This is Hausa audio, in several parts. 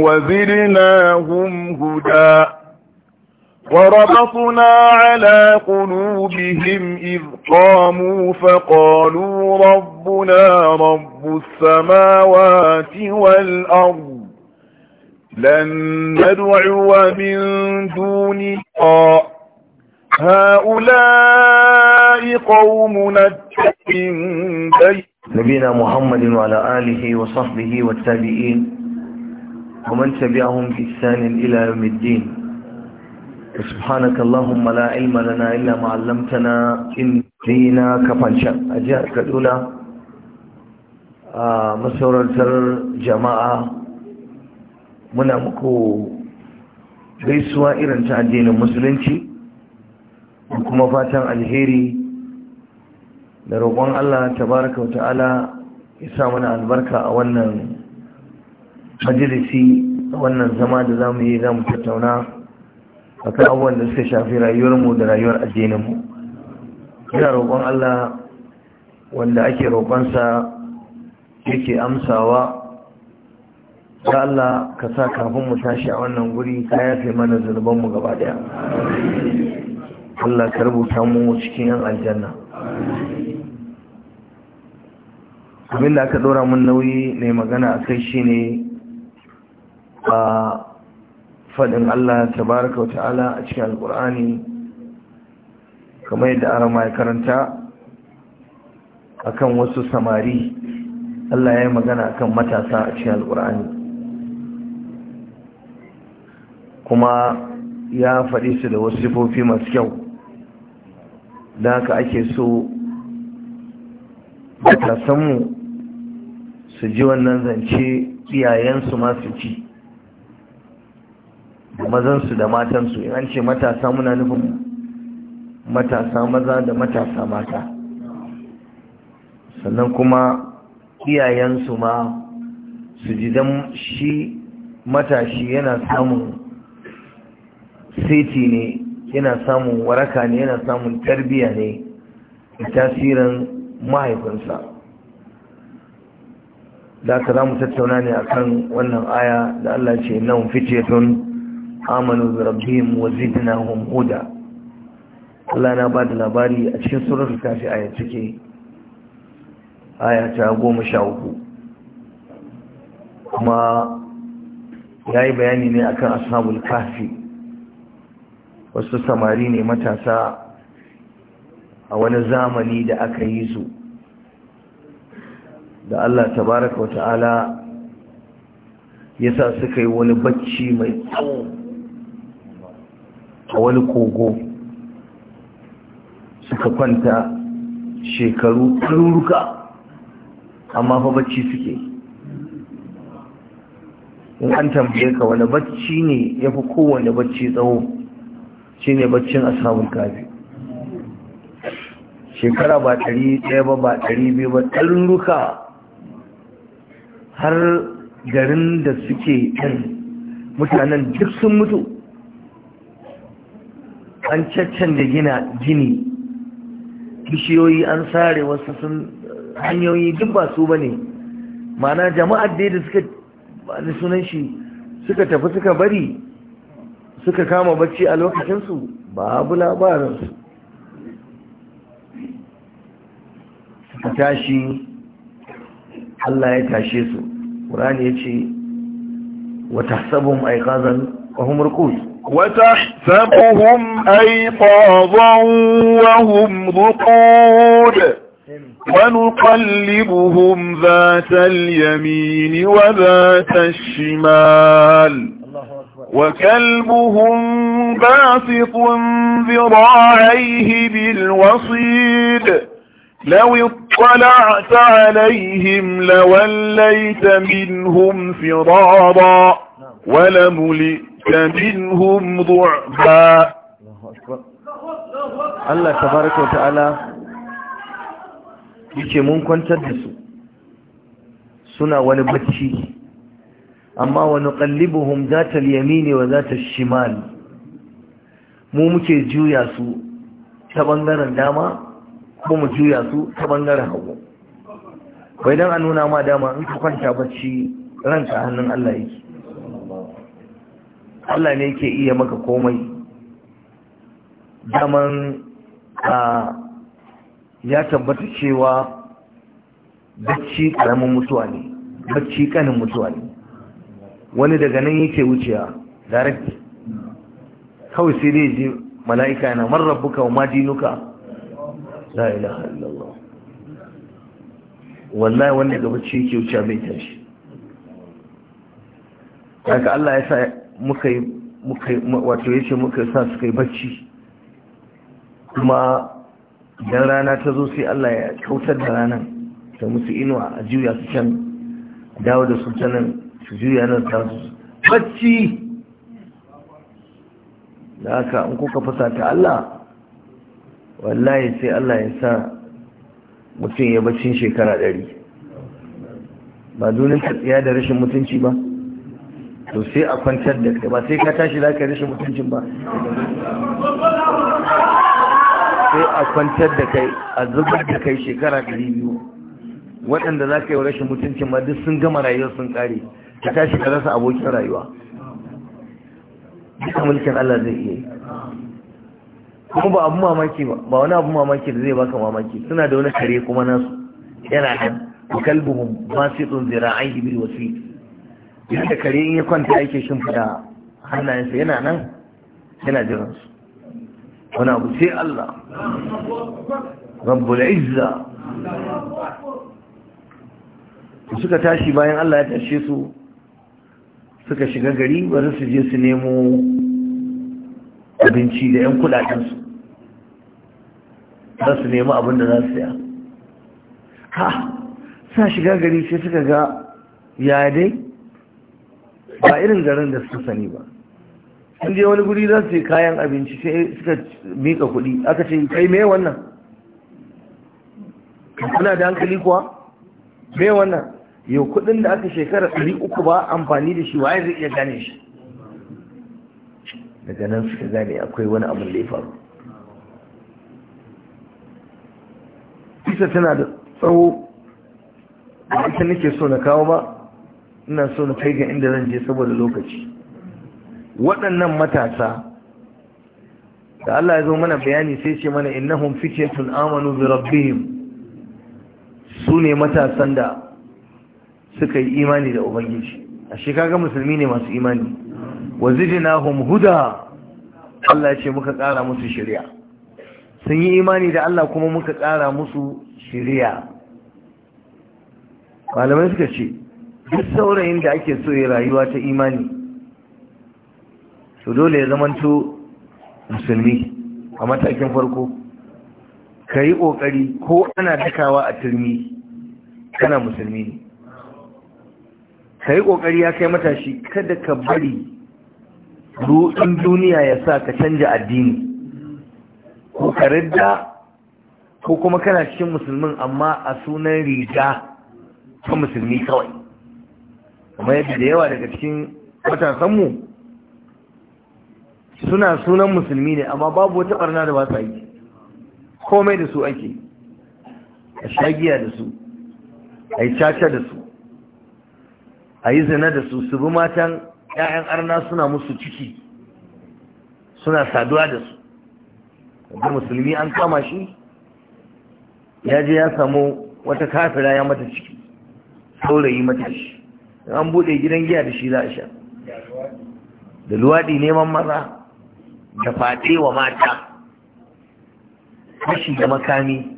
وزدناهم هدى وربطنا على قلوبهم إذ قاموا فقالوا ربنا رب السماوات والأرض لن ندعو من دونه هؤلاء قومنا من بيت نبينا محمد وعلى آله وصحبه والتابعين ومن تبعهم بإحسان إلى يوم الدين سبحانك اللهم لا علم لنا إلا ما علمتنا إن دينا كفنشا أجاءك الأولى مسورة الجماعة muna muku gaisuwa irin ta addinin musulunci kuma fatan alheri da roƙon Allah tabaraka wa ta'ala ya sa mana albarka a wannan majalisi wannan zama da za mu yi za mu tattauna a kan abubuwan da suka shafi rayuwarmu da rayuwar addininmu yana roƙon Allah wanda ake roƙonsa yake amsawa ta Allah ka sa kafin mu tashi a wannan guri ka yafe mana zunubanmu gaba daya Allah ka rubuta mu cikin yan aljanna abinda aka dora mun nauyi mai magana a kai shine a faɗin Allah baraka wa ta'ala a cikin alƙur'ani kamar yadda arama ya karanta kan wasu samari Allah ya yi magana kan matasa a cikin alƙur'ani kuma ya faɗi su da wasu sifofi masu kyau da haka ake so matasanmu su ji wannan zance iyayensu masu ci da mazansu da matansu in an ce matasa muna nufin matasa maza da matasa mata sannan kuma iyayensu ma su ji don shi matashi yana samun seti ne yana samun waraka ne yana samun tarbiya ne da tasirin mahaifinsa da aka za mu tattauna ne akan wannan aya da Allah ce nan fitetun amanu bi rabbihim wa zidnahum huda Allah na bada labari a cikin surar kafi aya take aya ta uku. kuma yayi bayani ne akan ashabul kafi wasu samari ne matasa a wani zamani da aka yi su da Allah tabaraka wa ta'ala yasa suka yi wani bacci mai tsawo a wani kogo suka kwanta shekaru ɗaruruka amma fa bacci suke in an tambaye ka wani bacci ne ya fi kowane bacci tsawo shi ne baccin ashabul kafi shekara ba ɗari ɗaya ba ba ɗari biyu ba ɗaruruka har garin da suke ɗin mutanen duk sun mutu an caccanje gina gini bishiyoyi an sare wasu sun hanyoyi duk ba su ba ne mana jama'ar da suka bani sunan shi suka tafi suka bari suka kama bacci a lokacinsu babu labaransu suka tashi Allah ya tashe su ƙurani ya ce wata sabon aikazan ƙwahumar kusa وتحسبهم أيقاظا وهم ذقود ونقلبهم ذات اليمين وذات الشمال وكلبهم باسط ذراعيه بالوصيد لو اطلعت عليهم لوليت منهم فرارا ولملئت فمنهم ضعفا Allah tabaraka wa ta'ala yake mun kwantar da su suna wani bacci amma wa nuqallibuhum ta al-yamini wa zata shimal mu muke juya su ta bangaren dama ko mu juya su ta bangaren hagu bai don a nuna ma dama in ka kwanta bacci ranka hannun Allah yake Allah ne yake iya maka komai daman a ya tabbata cewa bacci karamin mutuwa ne bacci kanin mutuwa ne wani daga nan yake wuciya direct kawai sai dai ji mala'ika yana man wa ma dinuka la ilaha illallah wallahi wanda ga bacci yake wuciya bai tashi haka Allah ya sa muka yi wato ya ce muka sa suka yi bacci kuma idan rana ta zo sai Allah ya kyautar da ranar ta musu inuwa a juya su can dawo da su su juya nan ta su bacci da haka an kuka fasa ta Allah wallahi sai Allah ya sa mutum ya baccin shekara ɗari ba dunin tsiya da rashin mutunci ba to sai a kwantar da kai ba sai ka tashi za ka rashin mutuncin ba sai a kwantar da kai a zubar da kai shekara biyu. waɗanda za ka yi rashin mutuncin ma duk sun gama rayuwar sun ƙare ka tashi ka rasa abokin rayuwa duka mulkin Allah zai iya yi kuma ba abu mamaki ba ba wani abu mamaki da zai baka mamaki suna da wani kare kuma nasu yana nan kalbuhum basitun zira'ai bil wasit yadda kare in ya kwanta yake shimfida hannayensa yana nan yana jiransu wani abu sai Allah rabbul izza suka tashi bayan Allah ya tashe su suka shiga gari bari su je su nemo abinci da 'yan kudadensu za su nemi abin da za su ya ha sa shiga gari sai suka ga yadai ba irin garin da suka sani ba sun je wani guri za su yi kayan abinci sai suka mika kuɗi aka ce kai me wannan kuna da hankali kuwa me wannan yau kuɗin da aka shekara ɗari uku ba amfani da shi waye zai iya gane shi daga nan suka gane akwai wani abin da ya faru isa tana da tsawo da ita nake so na kawo ba ina so na kai ga inda zan je saboda lokaci waɗannan matasa da Allah ya zo mana bayani sai ce mana innahum fityatun amanu bi rabbihim su ne matasan da suka yi imani da ubangiji ashe kaga musulmi ne masu imani wa zidnahum huda Allah ya ce muka ƙara musu shari'a sun yi imani da Allah kuma muka ƙara musu shari'a malamai suka ce duk saurayin da ake so ya rayuwa ta imani su dole ya zamanto musulmi a matakin farko ka yi ƙoƙari ko ana dakawa a turmi kana musulmi ne ka yi ƙoƙari ya kai matashi kada ka bari ruɗin duniya ya sa ka canja addini ko ka ridda ko kuma kana cikin musulmin amma a sunan riga ta musulmi kawai kamar yadda da yawa daga cikin matasanmu suna sunan musulmi ne amma babu wata barna da ba su aiki komai da su ake a shagiya da su a yi caca da su a yi zina da su su bi matan 'ya'yan arna suna musu ciki suna saduwa da su da musulmi an kama shi ya je ya samu wata kafira ya mata ciki saurayi mata shi in an buɗe gidan giya da shi za a sha da luwaɗi neman maza da fate wa mata fashi da makami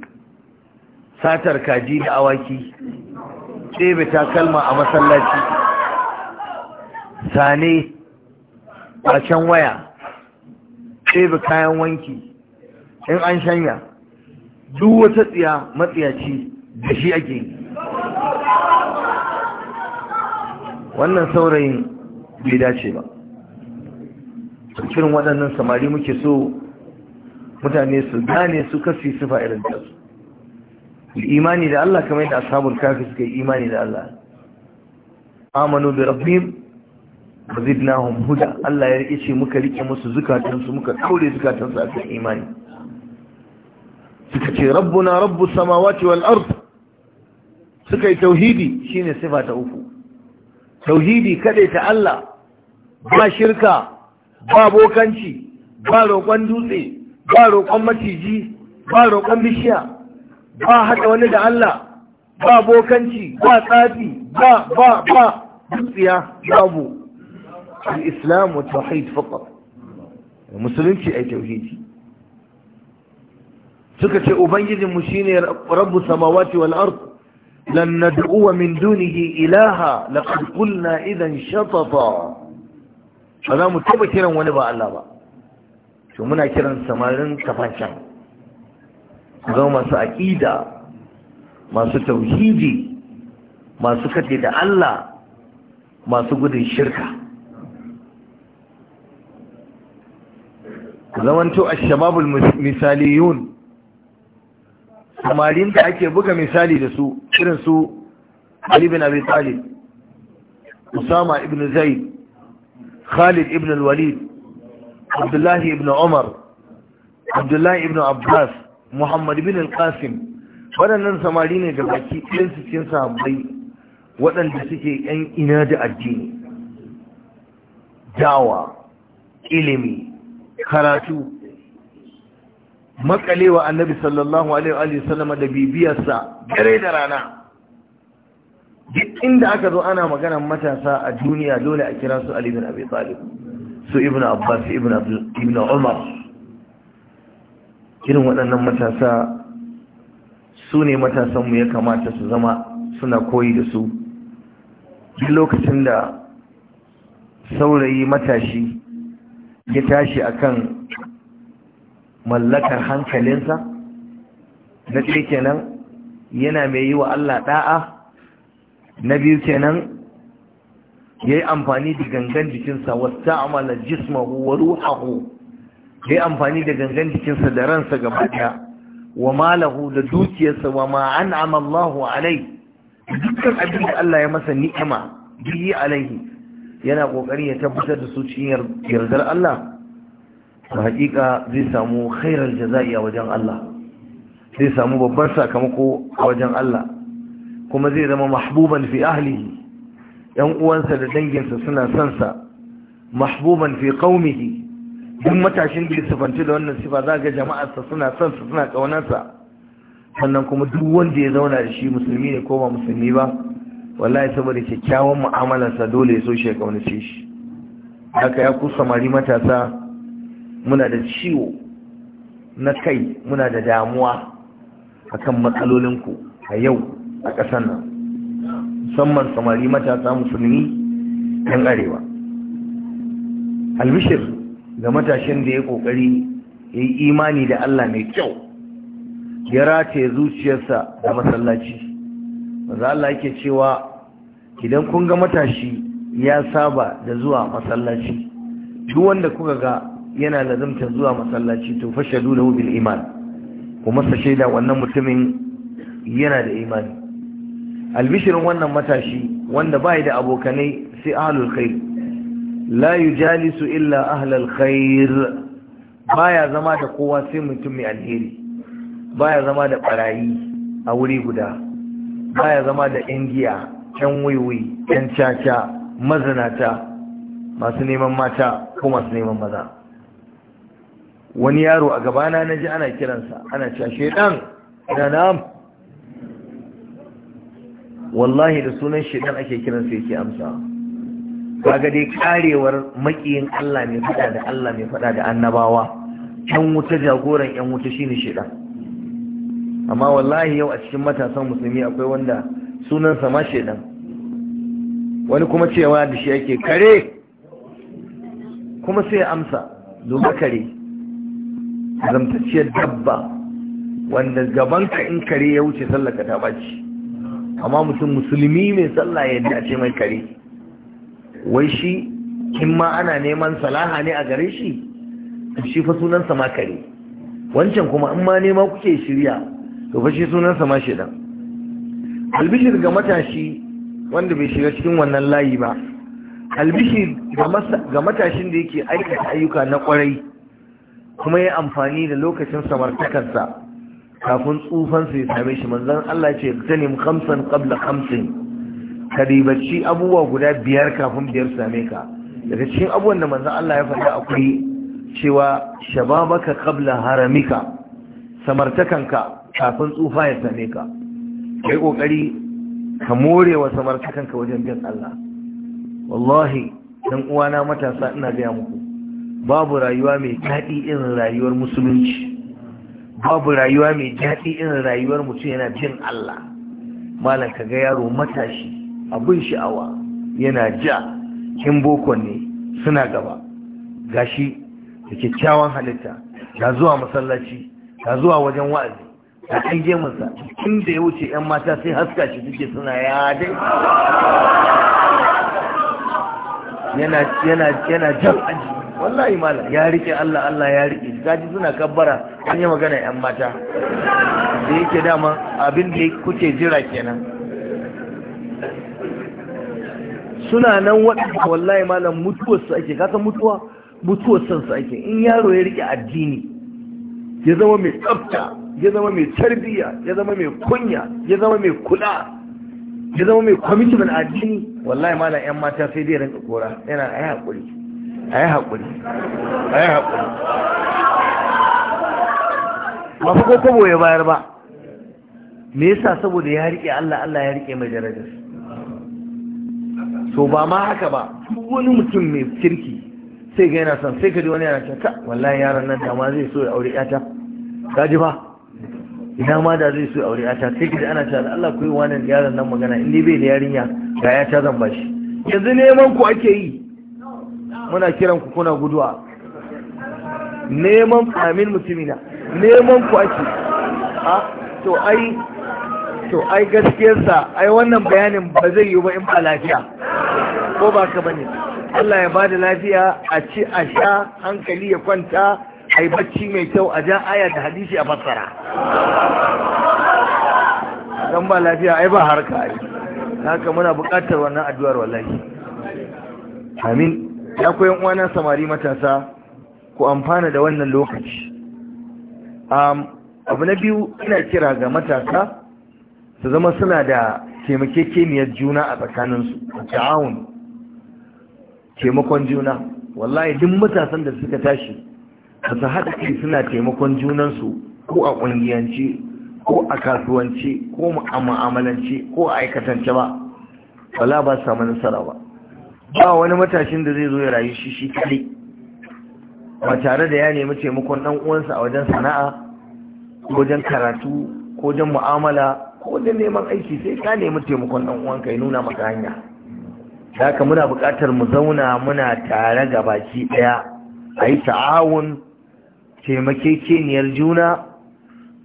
satar kaji da awaki ɗebe takalma a masallaci sane ƙwacen waya ɗebe kayan wanki in an shanya duk wata tsiya matsiyaci da shi ake yi wannan saurayin bai dace ba cikin waɗannan samari muke so mutane su gane su kasi sufa irin tasu imani da Allah kamar yadda asabar kafi suka yi imani da Allah amanu bi rabbihim wazidnahum huda Allah ya rike ce muka rike musu zukatansu muka kaure zukatansu a kan imani suka ce rabbuna rabbus samawati wal ard suka yi tauhidi shine sifa ta uku tauhidi kaɗai ta Allah ba shirka ba bokanci ba roƙon dutse ba roƙon maciji ba roƙon bishiya ba haɗa wani da Allah ba bokanci ba tsafi ba ba ba dutsiya babu al-islam wa tauhid faqat musulunci ai tauhidi suka ce Ubangijin mu shine rabbus samawati wal ardh لن ندعو من دونه إلها لقد قلنا إذا شططا فلا متبع كيرا ونبا الله با شو منا كيرا سمارن كفانشان زو ما سأكيدا ما ستوحيدي ما سكتد الله ما سقود الشركة زو أنتو الشباب المثاليون samarin da ake buga misali da su irin su Ali bin Abi Talib Usama ibn Zaid Khalid ibn al-Walid Abdullah ibn Umar Abdullah ibn Abbas Muhammad ibn al-Qasim waɗannan samari ne da baki irin su cikin sahabbai waɗanda suke ‘yan ina da addini dawa ilimi karatu makalewa annabi sallallahu alaihi wa sallam da bibiyarsa dare da rana duk inda aka zo ana maganar matasa a duniya dole a kira su Ali bin Abi Talib su Ibn Abbas Ibn Ibn Umar irin waɗannan matasa su ne matasanmu ya kamata su zama suna koyi da su duk lokacin da saurayi matashi ya tashi akan mallakar hankalinsa na ɗaya kenan yana mai yi wa Allah ɗa'a na biyu kenan ya yi amfani da gangan jikinsa wata amala jismahu wa ruhahu ya yi amfani da gangan jikinsa da ransa gaba wa malahu da dukiyarsa wa ma amallahu alai dukkan abin da Allah ya masa ni'ima biyi alaihi yana ƙoƙari ya tabbatar da su cikin yardar Allah ba hakika zai samu khairar jaza'i a wajen Allah zai samu babbar sakamako a wajen Allah kuma zai zama mahbuban fi ahlihi yan uwansa da danginsa suna son sa mahbuban fi qaumihi duk matashin da fanti da wannan sifa za ga jama'arsa suna son sa suna kaunarsa sannan kuma duk wanda ya zauna da shi musulmi ne ko ba musulmi ba wallahi saboda kyakkyawan mu'amalarsa dole ya so shi ya kaunace shi haka ya ku samari matasa muna da ciwo na kai muna da damuwa akan matsalolinku a yau a ƙasar nan musamman samari matasa musulmi yan arewa albishir ga matashin da ya ƙoƙari ya yi imani da Allah mai kyau ya rataye zuciyarsa da masallaci maza Allah yake cewa idan kun ga matashi ya saba da zuwa masallaci duk wanda kuka ga yana lazamta zuwa masallaci to fashadu lahu bil iman kuma sa shaida wannan mutumin yana da imani albishirin wannan matashi wanda bai da abokanai sai ahlul khair la yujalisu illa ahlul khair baya zama da kowa sai mutumi alheri baya zama da barayi a wuri guda baya zama da yan giya yan waiwai yan caca mazinata masu neman mata ko masu neman maza wani yaro a gabana na ji ana kiransa ana cewa shedan ina nam. wallahi da sunan shedan ake kiransa yake amsa kaga dai karewar makiyin Allah mai fada da Allah mai fada da annabawa yan wuta jagoran yan wuta shine shedan amma wallahi yau a cikin matasan musulmi akwai wanda sunansa ma shedan wani kuma cewa da shi yake kare kuma sai amsa duba kare haramtacciyar dabba wanda gabanka in kare ya wuce sallaka ta baci amma mutum musulmi mai sallah ya ce mai kare wai shi in ma ana neman salaha ne a gare shi shi fa sunansa ma kare wancan kuma in ma nema kuke shirya to fa shi sunansa ma shedan albishir ga matashi wanda bai shiga cikin wannan layi ba albishir ga matashin da yake aikata ayyuka na kwarai kuma ya amfani da lokacin samartakarsa kafin tsufansa ya same shi manzan Allah ce tanim kamsan qabla kamsin ka ribarci abubuwa guda biyar kafin biyar same ka daga cikin abubuwan da manzan Allah ya fada akwai cewa shababaka ƙabla haramika samartakanka kafin tsufa ya same ka kai kokari ka more wa samartakanka wajen biyan Allah wallahi dan uwana matasa ina gaya muku babu rayuwa mai daɗi irin rayuwar musulunci babu rayuwa mai daɗi irin rayuwar mutum yana jin Allah malam ka ga yaro matashi abin sha'awa yana ja kin boko ne suna gaba gashi da kyakkyawan halitta ga zuwa masallaci ga zuwa wajen wa'azi da an gemunsa tun da ya wuce 'yan mata sai haska shi suke suna ya dai yana jan aji wallahi malam ya rike Allah Allah ya rike gaji suna kabbara an yi magana yan mata da yake dama abin da kuke jira kenan suna nan waɗanda wallahi malam mutuwarsu ake kasan mutuwa mutuwar su ake in yaro ya rike addini ya zama mai tsafta ya zama mai tarbiyya ya zama mai kunya ya zama mai kula ya zama mai kwamitin addini wallahi malam yan mata sai dai rinka kora yana ai hakuri a yi haƙuri a yi haƙuri ba fi ko kobo ya bayar ba me yasa saboda ya riƙe Allah Allah ya riƙe mai darajar so ba ma haka ba wani mutum mai kirki sai ga yana son sai ka ji wani yana cewa wallahi yaran nan ma zai so ya aure yata ka ji ba ina ma da zai so ya aure yata sai ka ji ana cewa Allah koyi wannan yaran nan magana in dai bai da yarinya ga yata zan bashi yanzu neman ku ake yi muna kiran ku kuna guduwa neman amin mutumina neman ku ake a to ai to ai gaskiyarsa ai wannan bayanin ba zai yi ba in ba lafiya ko ba ka bane Allah ya bada lafiya a ci a sha hankali ya kwanta a yi bacci mai kyau a ja aya da hadisi a fassara don ba lafiya ai ba harka ai haka muna buƙatar wannan addu'ar wallahi amin ya koyan uwana samari matasa ku amfana da wannan lokaci abu na biyu ina kira ga matasa su zama suna da taimakekeniyar juna a tsakaninsu a ta'awun taimakon juna wallahi duk matasan da suka tashi ba su haɗa kai suna taimakon junansu ko a ƙungiyance ko a kasuwanci ko a mu'amalanci ko a aikatance ba wala ba su samu nasara ba ba wani matashin da zai zo ya rayu shi shi kadai ba tare da ya nemi taimakon ɗan uwansa a wajen sana'a ko wajen karatu ko wajen mu'amala ko wajen neman aiki sai ka nemi taimakon ɗan uwanka ya nuna maka hanya da haka muna buƙatar mu zauna muna tare ga baki ɗaya a yi ta'awun taimakekeniyar juna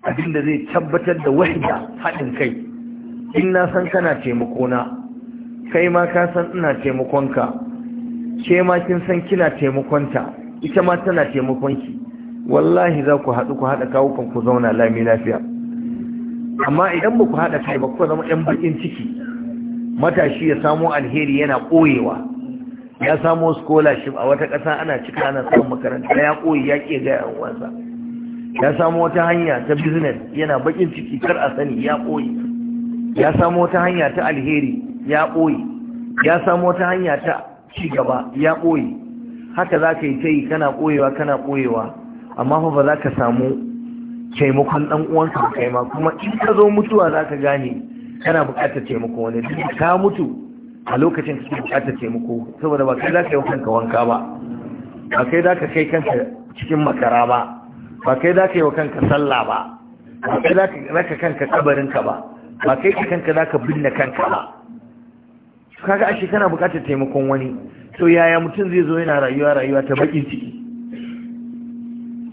abinda zai tabbatar da wahida haɗin kai in na san kana taimako na? kai ma ka san ina taimakonka ke ma kin san kina taimakonta ita ma tana taimakonki wallahi za ku haɗu ku haɗa kawukan ku zauna lami lafiya amma idan ba ku haɗa kai ba ku zama ɗan bakin ciki matashi ya samo alheri yana ƙoyewa. ya samo scholarship a wata ƙasa ana cika ana samun makaranta ya ƙoye ya ƙi ga yan uwansa ya samo wata hanya ta business yana bakin ciki kar a sani ya ƙoye. ya samo wata hanya ta alheri ya ɓoye ya samu wata hanya ta ci gaba ya ɓoye haka za ka yi ta yi kana ɓoyewa kana ɓoyewa amma fa ba za ka samu taimakon ɗan uwanka kai ma kuma in ka zo mutuwa za ka gane kana buƙatar taimako wani duk ka mutu a lokacin kake buƙatar taimako saboda ba kai za ka yi kanka wanka ba ba kai za ka kai kanka cikin makara ba ba kai za ka yi wa kanka sallah ba ba kai za ka kanka kabarinka ba ba kai kanka za ka binne kanka ba kaga ashe kana bukatar taimakon wani to yaya mutum zai zo yana rayuwa rayuwa ta bakin ciki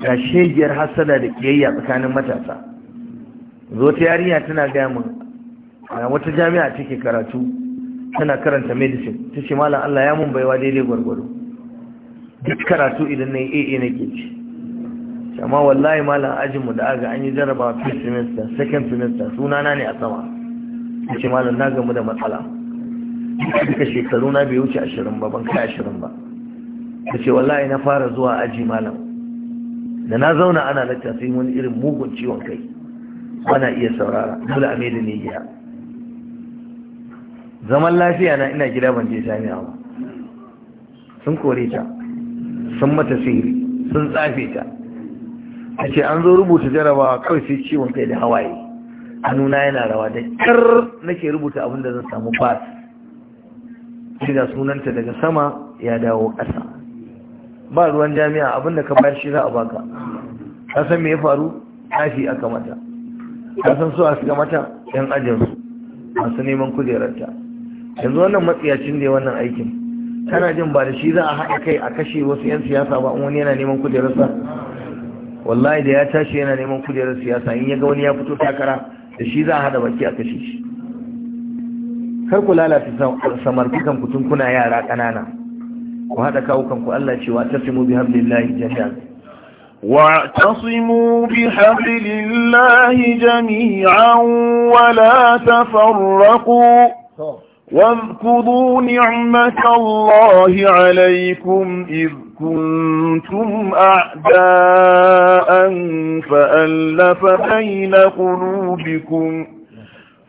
ga shegiyar hasada da kiyayya tsakanin matasa zo ta yarinya tana gaya min a wata jami'a take karatu tana karanta medicine ta ce malam Allah ya mun baiwa daidai gwargwado duk karatu idan na yi AA nake ci amma wallahi malam ajinmu da aga an yi jarabawa first semester second semester sunana ne a sama ta ce malam na gamu da matsala duka shekaru na bai wuce ashirin ba ban kai ashirin ba ta ce wallahi na fara zuwa aji malam da na zauna ana latta sai wani irin mugun ciwon kai bana iya saurara dole a mai da gida zaman lafiya na ina gida ban je jami'a ba sun kore ta sun mata sihiri sun tsafe ta a ce an zo rubuta jarabawa kawai sai ciwon kai da hawaye hannuna yana rawa da kar nake rubuta abin da zan samu pass shiga sunanta daga sama ya dawo ƙasa ba ruwan jami'a abinda ka bayar shi za a baka Kasan me ya faru tafi aka mata Kasan so a shiga mata yan ajinsu masu neman kujerarta yanzu wannan matsiyacin da wannan aikin tana jin ba da shi za a haɗa kai a kashe wasu 'yan siyasa ba wani yana neman kujerarsa wallahi da ya tashi yana neman kujerar siyasa in ya ga wani ya fito takara da shi za a haɗa baki a kashe shi kar ku lalata samartakan ku tun kuna yara kanana ku haɗa kawukan ku Allah cewa tasimu bi hablillahi jami'an واعتصموا بحبل الله جميعا ولا تفرقوا واذكروا نعمة الله عليكم إذ كنتم أعداء فألف بين قلوبكم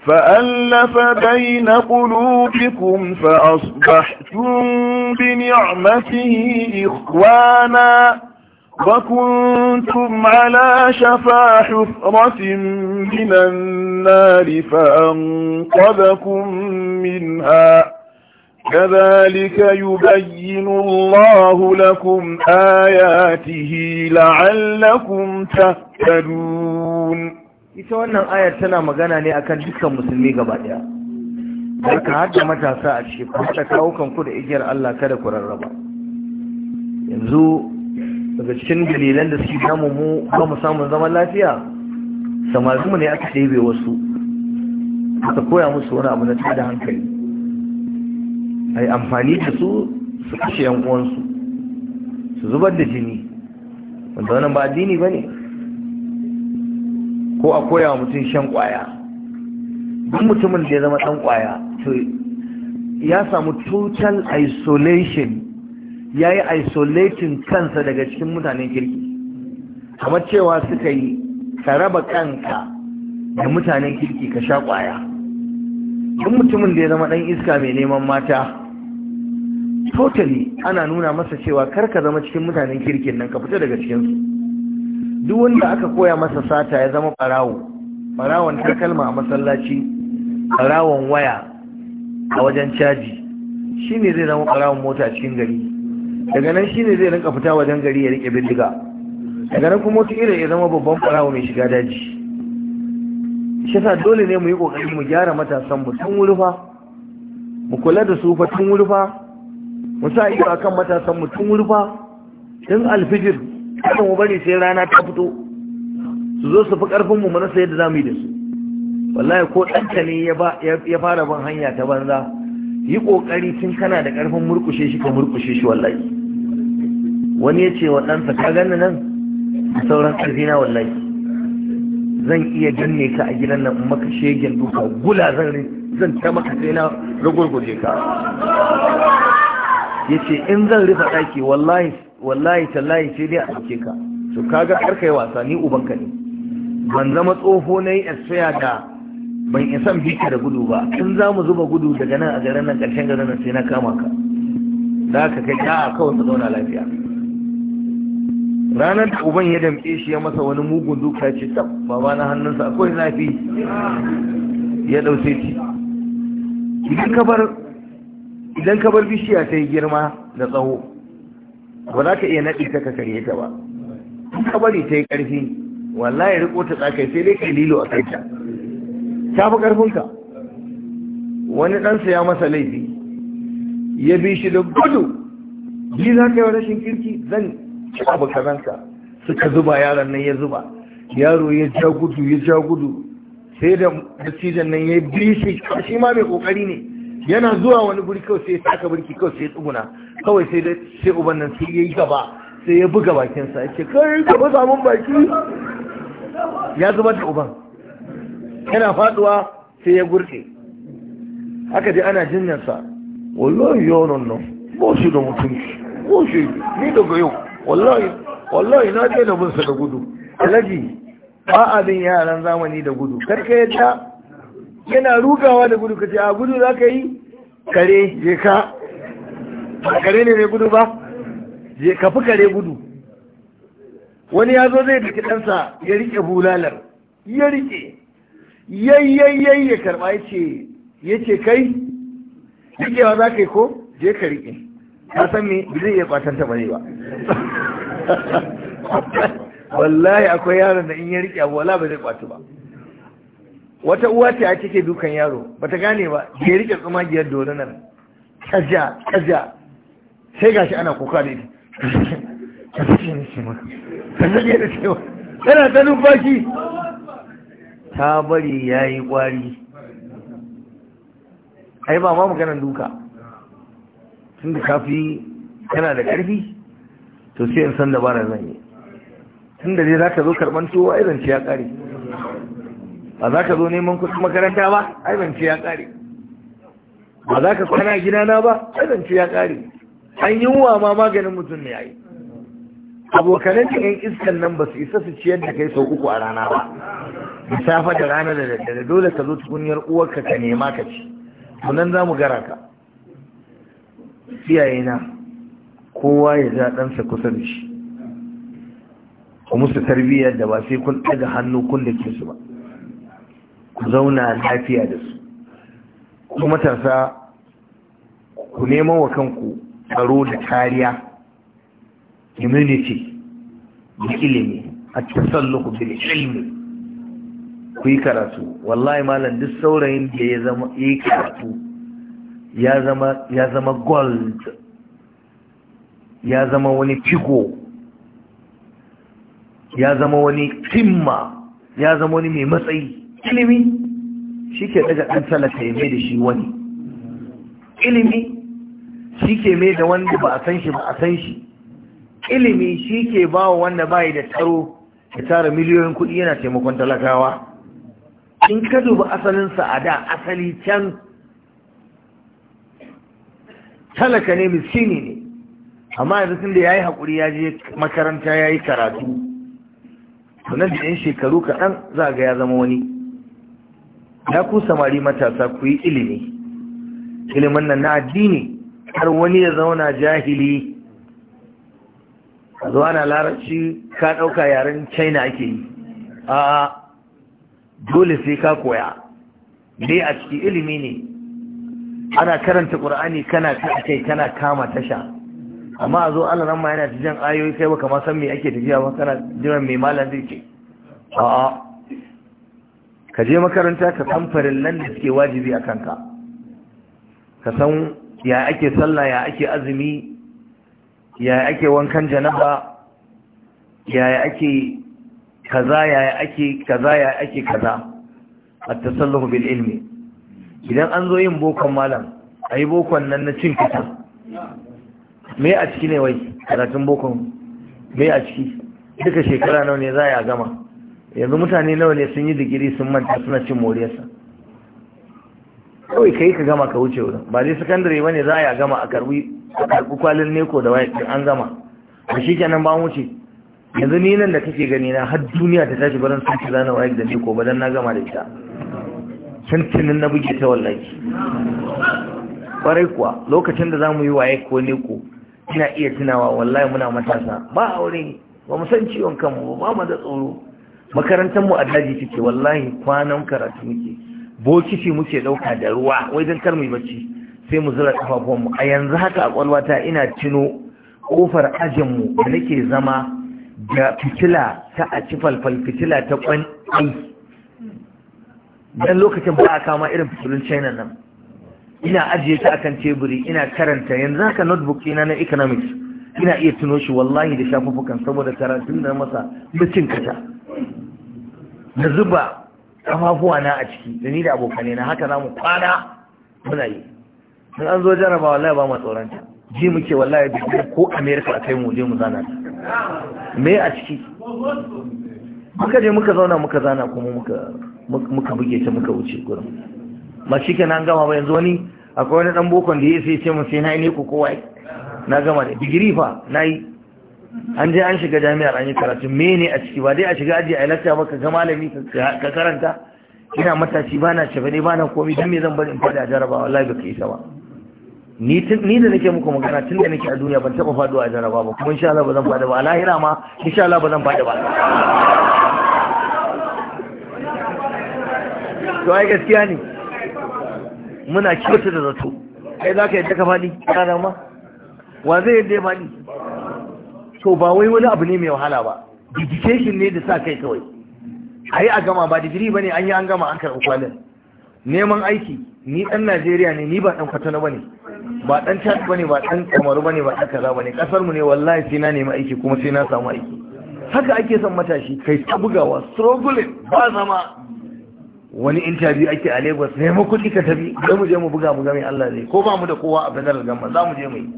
فألف بين قلوبكم فأصبحتم بنعمته إخوانا وكنتم على شفا حفرة من النار فأنقذكم منها كذلك يبين الله لكم آياته لعلكم تهتدون ita wannan ayar tana magana ne akan dukkan musulmi gaba daya barka ka hada matasa a ciki ku ta kawo kanku da igiyar Allah kada ku rarraba yanzu daga cikin dalilan da suke damu mu ba mu samu zaman lafiya samarin mu ne aka ɗebe wasu aka koya musu wani abu na tada hankali a amfani da su su kashe yan uwansu su zubar da jini wanda wannan ba addini ba ne ko a koya wa mutum shan kwaya duk mutumin da ya zama ɗan kwaya to ya samu total isolation ya yi isolating kansa daga cikin mutanen kirki kamar cewa suka yi ka raba kanka da mutanen kirki ka sha kwaya duk mutumin da ya zama ɗan iska mai neman mata totally ana nuna masa cewa karka zama cikin mutanen kirkin nan ka fita daga cikinsu duk wanda aka koya masa sata ya zama barawo barawon takalma a masallaci farawon waya a wajen caji shine zai zama farawon mota a cikin gari daga nan shine zai rinka fita wajen gari ya rike bindiga daga nan kuma tukira ya zama babban farawo mai shiga daji shi sa dole ne mu yi ƙoƙari mu gyara matasan mu tun wuri mu kula da su fa tun wurfa mu sa ido akan matasan mu tun wuri tun alfijir kada mu bari sai rana ta fito su zo su fi karfin mu mana yadda zamu yi da su wallahi ko ɗanka ne ya fara ban hanya ta banza yi ƙoƙari tun kana da ƙarfin murƙushe shi ka murƙushe shi wallahi wani ya ce wa ɗansa ka ganni nan a sauran ƙarfi na wallahi zan iya danne ka a gidan nan maka shegen duka gula zan zan ta maka sai na rugurguje ka ya ce in zan rufe ɗaki wallahi wallahi tallahi sai dai a ɗauke ka su kaga har kai wasa ni ubanka ne ban zama tsoho na yi tsaya da ban san bika da gudu ba in za mu zuba gudu daga nan a garin nan ƙarshen garin nan sai na kama ka da ka kai a kawai zauna lafiya ranar da uban ya damƙe shi ya masa wani mugun duka ce tab baba na hannunsa akwai zafi ya ɗauke idan ka bar bishiya ta yi girma da tsawo ba za ka iya naɗi ta ka karye ta ba ka bari ta yi ƙarfi wallahi riko ta tsaka sai dai ka lilo a kai ta ta fi ƙarfinka wani ɗansa ya masa laifi ya bi shi da gudu ji za ka yi rashin kirki zan ci abu kazanka suka zuba yaron nan ya zuba yaro ya ja gudu ya ja gudu sai da dattijan nan ya bi shi shi ma mai kokari ne yana zuwa wani burki kawai sai ya saka birki kawai sai ya tsuguna kawai sai da sai uban nan sai yi gaba sai ya buga bakinsa ya ce kai ka ba samun baki ya zubar da uban yana faduwa sai ya gurke haka dai ana jinyarsa wallahi yaron nan ba shi da mutunci ba shi ni daga yau wallahi wallahi na daina da sa da gudu alaji ba abin yaran zamani da gudu karka yadda yana rugawa da gudu ka ce a gudu za ka yi kare je ka kare ne mai gudu ba je ka fi kare gudu wani ya zo zai daki ɗansa ya riƙe bulalar ya riƙe yayyayyayi ya karɓa ya ce ya ce kai riƙewa za ka yi ko je ka riƙe ka san me zai iya ƙwatar ta bane ba wallahi akwai yaron da in ya riƙe abu wala ba zai kwatu ba wata uwa ce a cike dukan yaro ba ta gane ba ya riƙe tsumagiyar dorinar ka ja. sai gashi ana kuka da ita tana ta numfashi ta bari ya yi kwari ai ba ma maganar duka sun da kafi yana da ƙarfi to sai yin san dabarar zan yi tun da dai za ka zo karɓar tuwo aizance ya ƙare ba za ka zo neman kusur makaranta ba aizance ya ƙare ba za ka kwana gidana ba aizance ya ƙare an wa ma maganin mutum ne yayi abokanan cikin iskan nan ba su isa su ciyar da kai sau uku a rana ba da da rana da daddare dole ka zo tukunyar uwarka ka nema ka ci sunan za mu gara ka iyaye na kowa ya ja ɗansa kusa da shi ku musu tarbiyyar da ba sai kun ɗaga hannu kun da ke su ba ku zauna lafiya da su ku matasa ku neman wa kanku tsaro da kariya immunity da ilimi a tasalluku bil ilimi. ku yi karatu wallahi malam duk saurayin da ya zama yi karatu ya zama ya zama gold ya zama wani figo ya zama wani timma ya zama wani mai matsayi ilimi shi ke daga ɗan talaka ya mai da shi wani ilimi shi ke mai da wanda ba a san shi ba a san shi ilimi shi ke ba wa wanda bayi da taro ya tara miliyoyin kuɗi yana taimakon talakawa in ka duba sa a da asali can talaka ne miskini ne amma yanzu tun da ya yi haƙuri ya je makaranta ya yi karatu Sannan da 'yan shekaru kaɗan za ga ya zama wani ya ku samari matasa ku yi ilimi ilimin nan na addini har wani ya zauna jahili a zuwa na larabci ka ɗauka yaren china ake yi a dole sai ka koya dai a ciki ilimi ne ana karanta ƙur'ani kana kai kana kama tasha amma a zo alaran ma yana jan ayoyi kai baka ma san me ake tafiya ba kana jiran mai malam zai ce a ka je makaranta ka san nan da suke wajibi a kanka ka san ya ake sallah ya ake azumi ya ake wankan janaba ya ake kaza ya ake kaza ya ake kaza at-tasalluhu bil ilmi idan an zo yin bokon malam ayi bokon nan na cin kasa me a ciki ne wai karatun bokon me a ciki duka shekara nawa ne za a gama yanzu mutane nawa ne sun yi digiri sun manta suna cin moriyarsa kawai kai ka gama ka wuce wurin ba dai sakandare ba ne za a yi a gama a karbi a karbi kwalin neko da waya an gama da shi kenan ba wuce yanzu ni nan da kake gani na har duniya ta tashi barin sun ci zana waya da neko ba dan na gama da ita tuntunin na buge ta wallahi kwarai kuwa lokacin da za mu yi waye ko neko ina iya tunawa wallahi muna matasa ba aure ba mu san ciwon kanmu ba mu da tsoro makarantar mu a daji take wallahi kwanan karatu muke bokiti muke ɗauka da ruwa wai don kar mai bacci sai mu zura mu. a yanzu haka a ƙwalwata ina tuno ƙofar ajinmu da nake zama da fitila ta a ci falfal fitila ta ƙwan ai dan lokacin ba a kama irin fitilun china nan ina ajiye ta akan teburi ina karanta yanzu haka notebook ina na economics ina iya tuno shi wallahi da shafuffukan saboda karatun da masa da na zuba kafafuwa na a ciki da ni da abokane na haka zamu kwana muna yi in an zo jaraba wallahi ba mu tsoranta ji muke wallahi da ko America a kai mu je mu zana me a ciki muka je muka zauna muka zana kuma muka muka buge ta muka wuce gurin ba shi kenan gama ba yanzu wani akwai wani dan bokon da ya sai ce mun sai na yi ne ko kowai. na gama da digiri fa na yi an je an shiga jami'ar an yi karatu mene a ciki ba dai a shiga aji a lafiya ba ka ga malami ka karanta ina matashi ba na shafe ne ba na komi don me zan bari in faɗi a jarabawa wallahi ba ka isa ba ni da nake muku magana tun da nake a duniya ban taɓa faɗuwa a jarabawa ba kuma insha Allah ba zan faɗi ba a lahira ma insha Allah ba zan faɗi ba to ai gaskiya ne muna kyautar da zato kai za ka yadda ka faɗi kana ma wa zai yadda ya faɗi to ba wai wani abu ne mai wahala ba dedication ne da sa kai kawai a yi a gama ba digiri ba ne an yi an gama an karɓi kwalin neman aiki ni ɗan najeriya ne ni ba ɗan kwatano ba ne ba ɗan chad ba ne ba ɗan kamaru ba ne ba ɗan kaza ba ne ƙasarmu ne wallahi sai na nemi aiki kuma sai na samu aiki haka ake son matashi kai ta bugawa struggling ba zama wani interview ake a lagos nema kuɗi ka tafi da mu je mu buga mu game allah zai ko ba mu da kowa a federal gama za mu je mu yi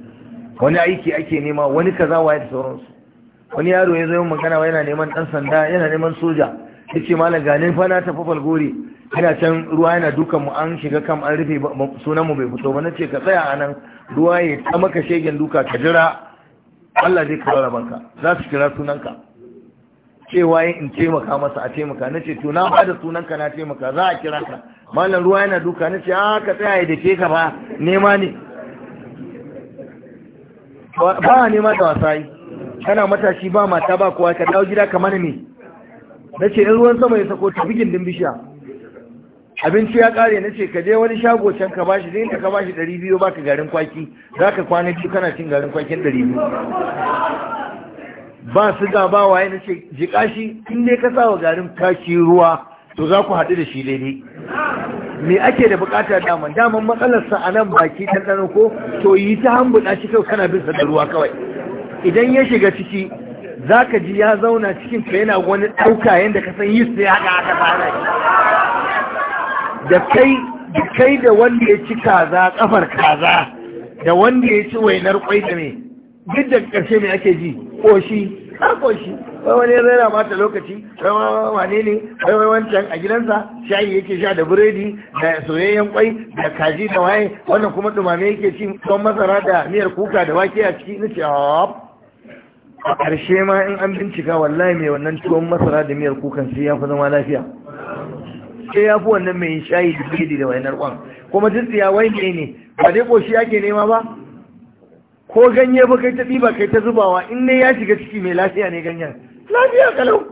wani aiki ake nema wani kaza waye da sauransu wani yaro ya zai magana yana neman dan sanda yana neman soja Ya ce malam ga ne fa na tafi falgori Yana can ruwa yana dukan mu an shiga kam an rufe sunan mu bai fito ba ce ka tsaya anan ruwa ya ta maka shegen duka ka jira Allah zai kira rabanka za su kira sunanka cewa in taimaka masa a taimaka na ce to na bada sunanka na taimaka za a kira ka malam ruwa yana duka na ce a ah, ka tsaya ya dake ka ba nema ne ba a nema da wasa yi kana matashi ba mata ba kowa ka dawo gida kamar ne na ce in ruwan sama ya sako ta bigin din bishiya abinci ya kare na ce ka je wani shago can ka bashi zai ka bashi ɗari biyu ba ka garin kwaki za ka kwana biyu kana cin garin kwakin ɗari biyu ba su ga ba waye na ce jiƙa shi in dai ka sa wa garin kashi ruwa to za ku haɗu da shi daidai me ake da bukata daman daman matsalarsa a nan baki ɗanɗano ko to yi ta hambuɗa shi kawai kana bin sa da ruwa kawai idan ya shiga ciki za ka ji ya zauna cikin ka yana wani ɗauka yadda ka san yis ne haka aka fara da kai da kai da wanda ya ci kaza kafar kaza da wanda ya ci wainar kwai da ne duk da ƙarshe me ake ji ƙoshi har shi wai wani yana bata lokaci wai ne wai wancan a gidansa shayi yake sha da buredi da soyayyen kwai da kaji da waye wannan kuma dumame yake ci don masara da miyar kuka da wake a ciki nace a karshe ma in an bincika wallahi mai wannan tuwon masara da miyar kukan sai ya fi zama lafiya sai ya fi wannan mai shayi da buredi da wainar kwan kuma duk ya wai ne ne ba dai koshi ake nema ba ko ganye ba kai ta ɗiba kai ta zubawa in ne ya shiga ciki mai lafiya ne ganyen lafiya kalau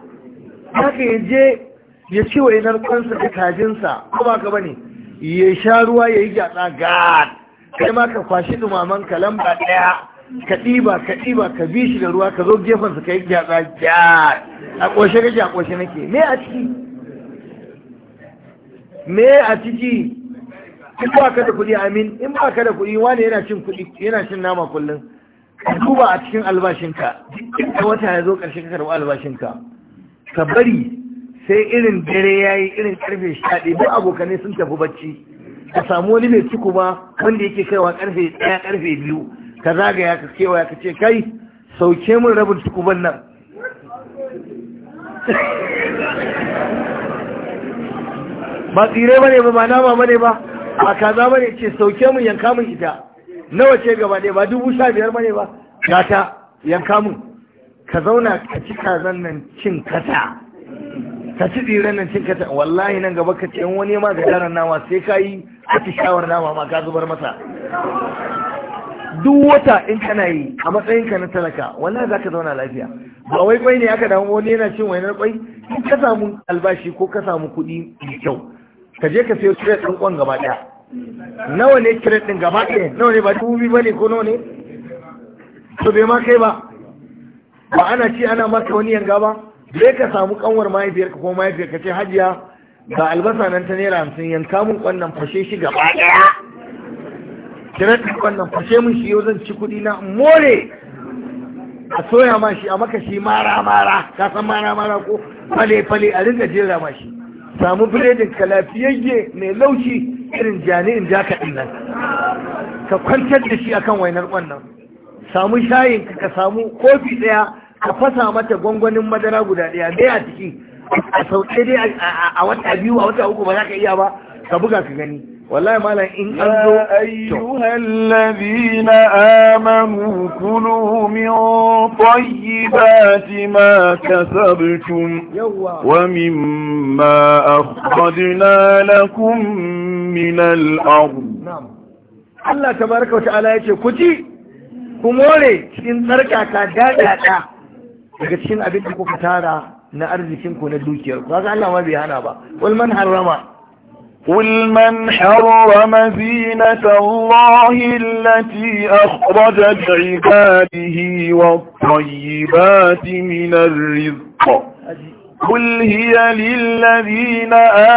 haka ya je ya ci wa yanar kansa da kajinsa ko ba ka bane ya sha ruwa ya yi gyatsa ga kai ma ka kwashi dumaman kalan lamba ɗaya ka ɗiba ka ɗiba ka bi shi da ruwa ka zo gefensa ka yi gyatsa ga a ƙoshe kake a ƙoshe nake me a ciki me a ciki in ba ka da kuɗi amin in ba ka da kuɗi wani yana cin kuɗi yana cin nama kullum ka duba a cikin albashinka duk wata ya zo ƙarshe ka karɓi albashinka ka bari sai irin dare ya yi irin ƙarfe sha ɗaya duk abokanai sun tafi bacci ka samu wani mai cuku ba wanda yake kaiwa ƙarfe ɗaya ƙarfe biyu ka zagaya ka kewaya ka ce kai sauke min rabin tukuban nan ba tsire ba ne ba ba nama ba ne ba ba kaza ba ne ce sauke mun yanka mun ita nawa ce gaba ɗaya ba dubu sha biyar ba ne ba yanka mun ka zauna ka ci kazan nan cin kasa ka ci tsiran nan cin kasa wallahi nan gaba ka ce in wani ma gadaran nama sai ka yi shawar nama ma ka zubar masa duk wata in kana yi a matsayinka na talaka wallahi za ka zauna lafiya ba wai kwai ne aka damu wani yana cin wainar kwai in ka samu albashi ko ka samu kuɗi mai kyau ka je ka sayo kiret ɗin kwan gaba ɗaya nawa ne kiret ɗin gaba ɗaya nawa ne ba dubu biyu ba ne ko nawa ne to bai ma kai ba ba ana ci ana maka wani yanga ba zai ka samu kanwar mahaifiyar ka ko mahaifiyar ka ce hajiya ga albasa nan ta naira hamsin yanka mun nan fashe shi gaba ɗaya kiret ɗin nan fashe mun shi yau zan ci kuɗi na more a soya ma shi a maka shi mara mara ka san mara mara ko fale fale a ringa jera ma shi samu biredin ka lafiyayye mai laushi irin jani'in jaka ɗin nan ka kwantar da shi akan wainar wannan samu shayin ka samu kofi ɗaya ka fasa mata gwangwanin madara guda ɗaya ɗaya a ciki a sau dai a wata biyu a wata uku ba za ka iya ba ka buga ka gani wallahi malam in an zo ayyuhal ladina amanu kulu min tayyibati ma kasabtum wa mimma akhrajna lakum min al-ard Allah tabaraka wa ta'ala yace ku ci ku more cikin tsarkaka dadada daga cikin abin da kuka tara na arzikin ku na dukiyar ku kaga Allah ma bai hana ba wal man harrama قل من حرم زينة الله التي أخرجت عباده والطيبات من الرزق قل هي للذين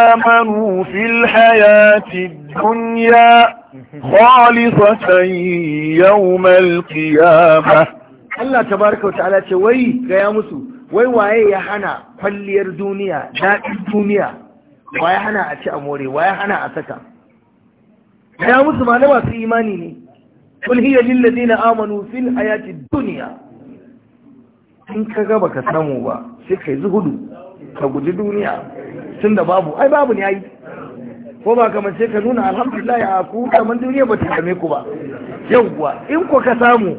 آمنوا في الحياة الدنيا خالصة يوم القيامة الله تبارك وتعالى وي قيامته وي وي يا حنا فلير دنيا دائم دنيا Waya hana a ci a more waya hana a saka ya musu ma na masu imani ne kul hiya lil ladina amanu fil hayati dunya in ka ga baka samu ba sai kai zuhudu ka guji duniya da babu ai babu ne ai ko ba kamar sai ka nuna alhamdulillah ya ah, ku kamar duniya ba ta same ku ba yawwa in ko ka samu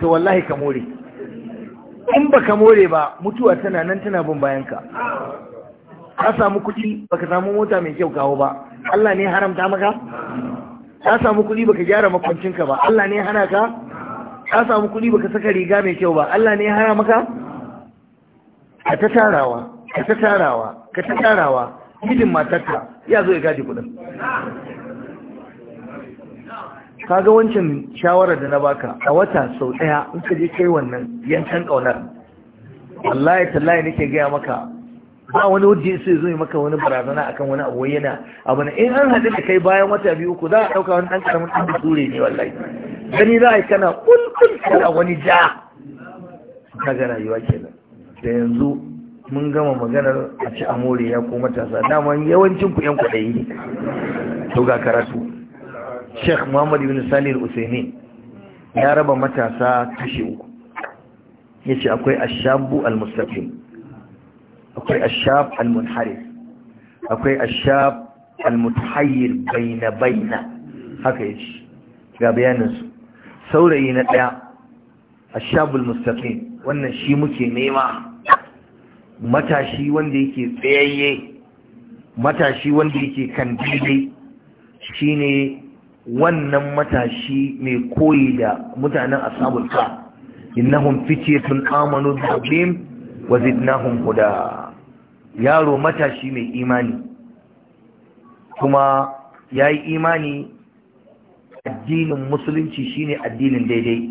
to wallahi ka more in ba ka more ba mutuwa tana nan tana bin bayan ka ka samu kuɗi baka samu mota mai kyau kawo ba Allah ne haramta maka ka samu kuɗi baka gyara makwancinka ba Allah ne hana ka ka samu kuɗi baka saka riga mai kyau ba Allah ne hana maka ka ta tarawa ka ta tarawa ka ta tarawa mijin matarka ya zo ya gaji kuɗin Ka ga wancan shawarar da na baka a wata sau ɗaya in ka je kai wannan yankan ƙaunar ya tallaye nake gaya maka ba wani wadda ya sai zai maka wani barazana akan wani abu yana abu in an haɗu da kai bayan wata biyu ku za a ɗauka wani ɗan karamin ɗan da ture ne wallahi gani za a yi kana kulkul kana wani ja ga rayuwa kenan da yanzu mun gama maganar a ci amore ya ko matasa dama yawancin ku yan kuɗayi ne to ga karatu Sheikh Muhammad bin Salih Al-Usaini ya raba matasa kashe uku yace akwai ashabu al-mustaqim akwai ashab al-munharif akwai ashab al-mutahayyir baina baina haka yace ga bayanin su saurayi na daya ashab mustaqim wannan shi muke nema matashi wanda yake tsayayye matashi wanda yake kan daidai shine wannan matashi mai koyi da mutanen ashabul ka innahum fityatun amanu bi rabbihim wa zidnahum huda yaro matashi mai imani kuma ya yi imani addinin musulunci shine addinin daidai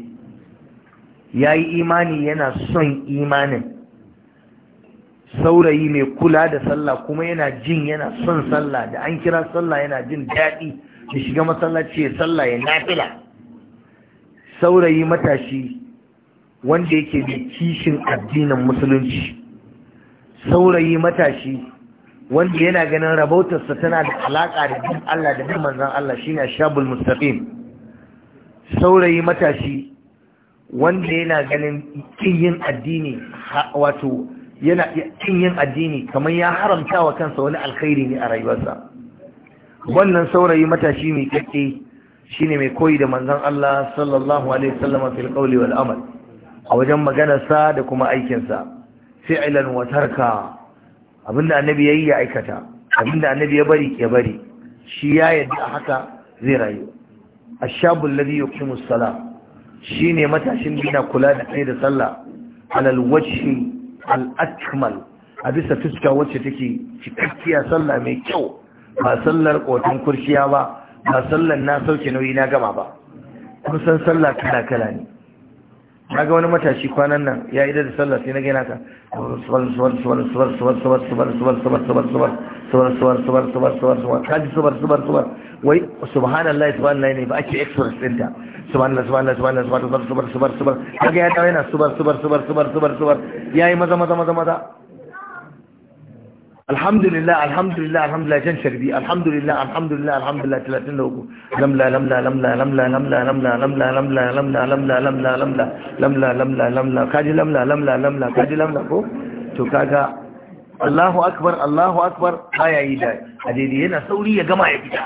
ya yi imani yana son imanin saurayi mai kula da sallah kuma yana jin yana son sallah da an kira sallah yana jin daɗi da shiga masallaci ya sallah ya nafila saurayi matashi wanda yake da kishin addinin musulunci saurayi matashi wanda yana ganin rabautarsa tana da alaƙa da bin Allah da bin manzan Allah shi ne shabul mustaqim saurayi matashi wanda yana ganin kin yin addini wato yana kin yin addini kamar ya haramta wa kansa wani alkhairi ne a rayuwarsa wannan saurayi matashi mai kake shine mai koyi da manzan Allah sallallahu alaihi wasallam fil qawli wal amal a wajen maganarsa da kuma aikinsa Zai wa tarka abinda annabi yayi ya aikata abinda annabi ya bari ya bari shi ya yadda haka zai rayu ashabu alladhi yuqimu as-salah shine matashin da kula da kai da sallah alal wajhi al-akmal a bisa fuska wacce take cikakkiya sallah mai kyau ba sallar kotun kurciya ba ba sallar na sauke nauyi na gama ba kusan sallah kala kala ne na ga wani matashi kwanan nan ya yi da sallah sai na gina ka subar subar subar ne subar ake subar subar subar subar subar subar subar subar subar subar subar yana subar subar subar subar subar subar subar subar subar subar maza alhamdulillah alhamdulillah alhamdulillah jan sharbi alhamdulillah alhamdulillah alhamdulillah 33 lamla lamla lamla lamla lamla lamla lamla lamla lamla lamla lamla lamla lamla lamla lamla kaji lamla lamla lamla kaji lamla ko to kaga Allahu akbar Allahu akbar baya yi da a daidai yana sauri ya gama ya fita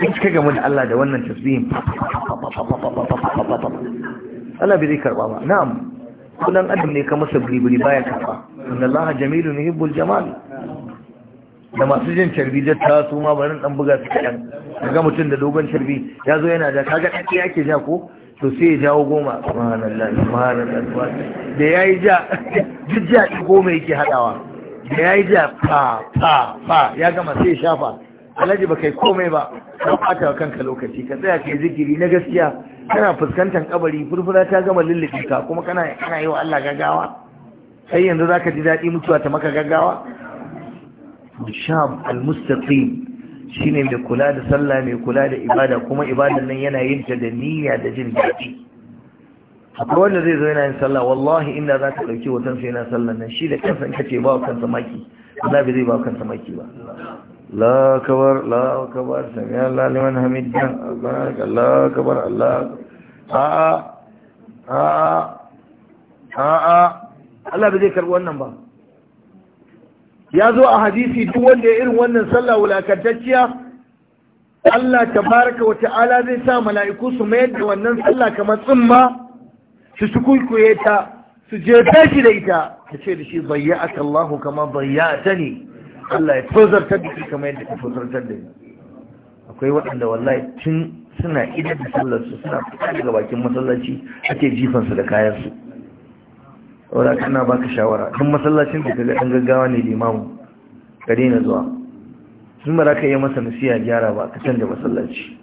in cika gamu da Allah da wannan tasbihin Allah bai zai karba ba na'am kudan adam ne ka masa bulibuli baya karba inna Allah jamilu ne hibbul jamal da masu jin carbi da ta su ma barin dan buga su kadan ga mutum da dogon tarbi ya zo yana da kaga kake yake ja ko to sai ya jawo goma subhanallah subhanallah da yayi ja duk goma yake hadawa da yayi ja fa fa fa ya gama sai ya shafa alhaji ba kai komai ba ka bata kanka lokaci ka tsaya ka kai zikiri na gaskiya kana fuskantar kabari furfura ta gama lullubi ka kuma kana kana yi wa Allah gaggawa sai yanzu zaka ji daɗi mutuwa ta maka gaggawa sham al-mustaqim shine mai kula da sallah mai kula da ibada kuma ibadan nan yana yin ta da niyya da jin daɗi akwai wanda zai zo yana yin sallah wallahi inda za ka ɗauki wutan sai yana sallah nan shi da kansa in ka ce ba wa kansa maki Allah bai zai ba wa kansa maki ba لا كبر لا كبر سمع الله لمن حمده بارك الله كبر الله ها ها ها Allah ba zai karbi wannan ba ya zo a hadisi duk wanda ya irin wannan sallah wulakantacciya Allah tabaraka wa ta'ala zai sa mala'iku su mayar da wannan sallah kamar tsumma. su sukulkuye ta su jefe shi da ita ta ce da shi bayya'aka Allah kama bayya'atani Allah ya tozartar da shi kamar yadda ka tozartar da ni akwai waɗanda wallahi tun suna idan da sallarsu suna fita daga bakin masallaci ake jifan su da kayan su wadda kana baka shawara don masallacin da kaga ɗan gaggawa ne limamu ka daina zuwa sun ba ka yi masa nasiya gyara ba ka canza masallaci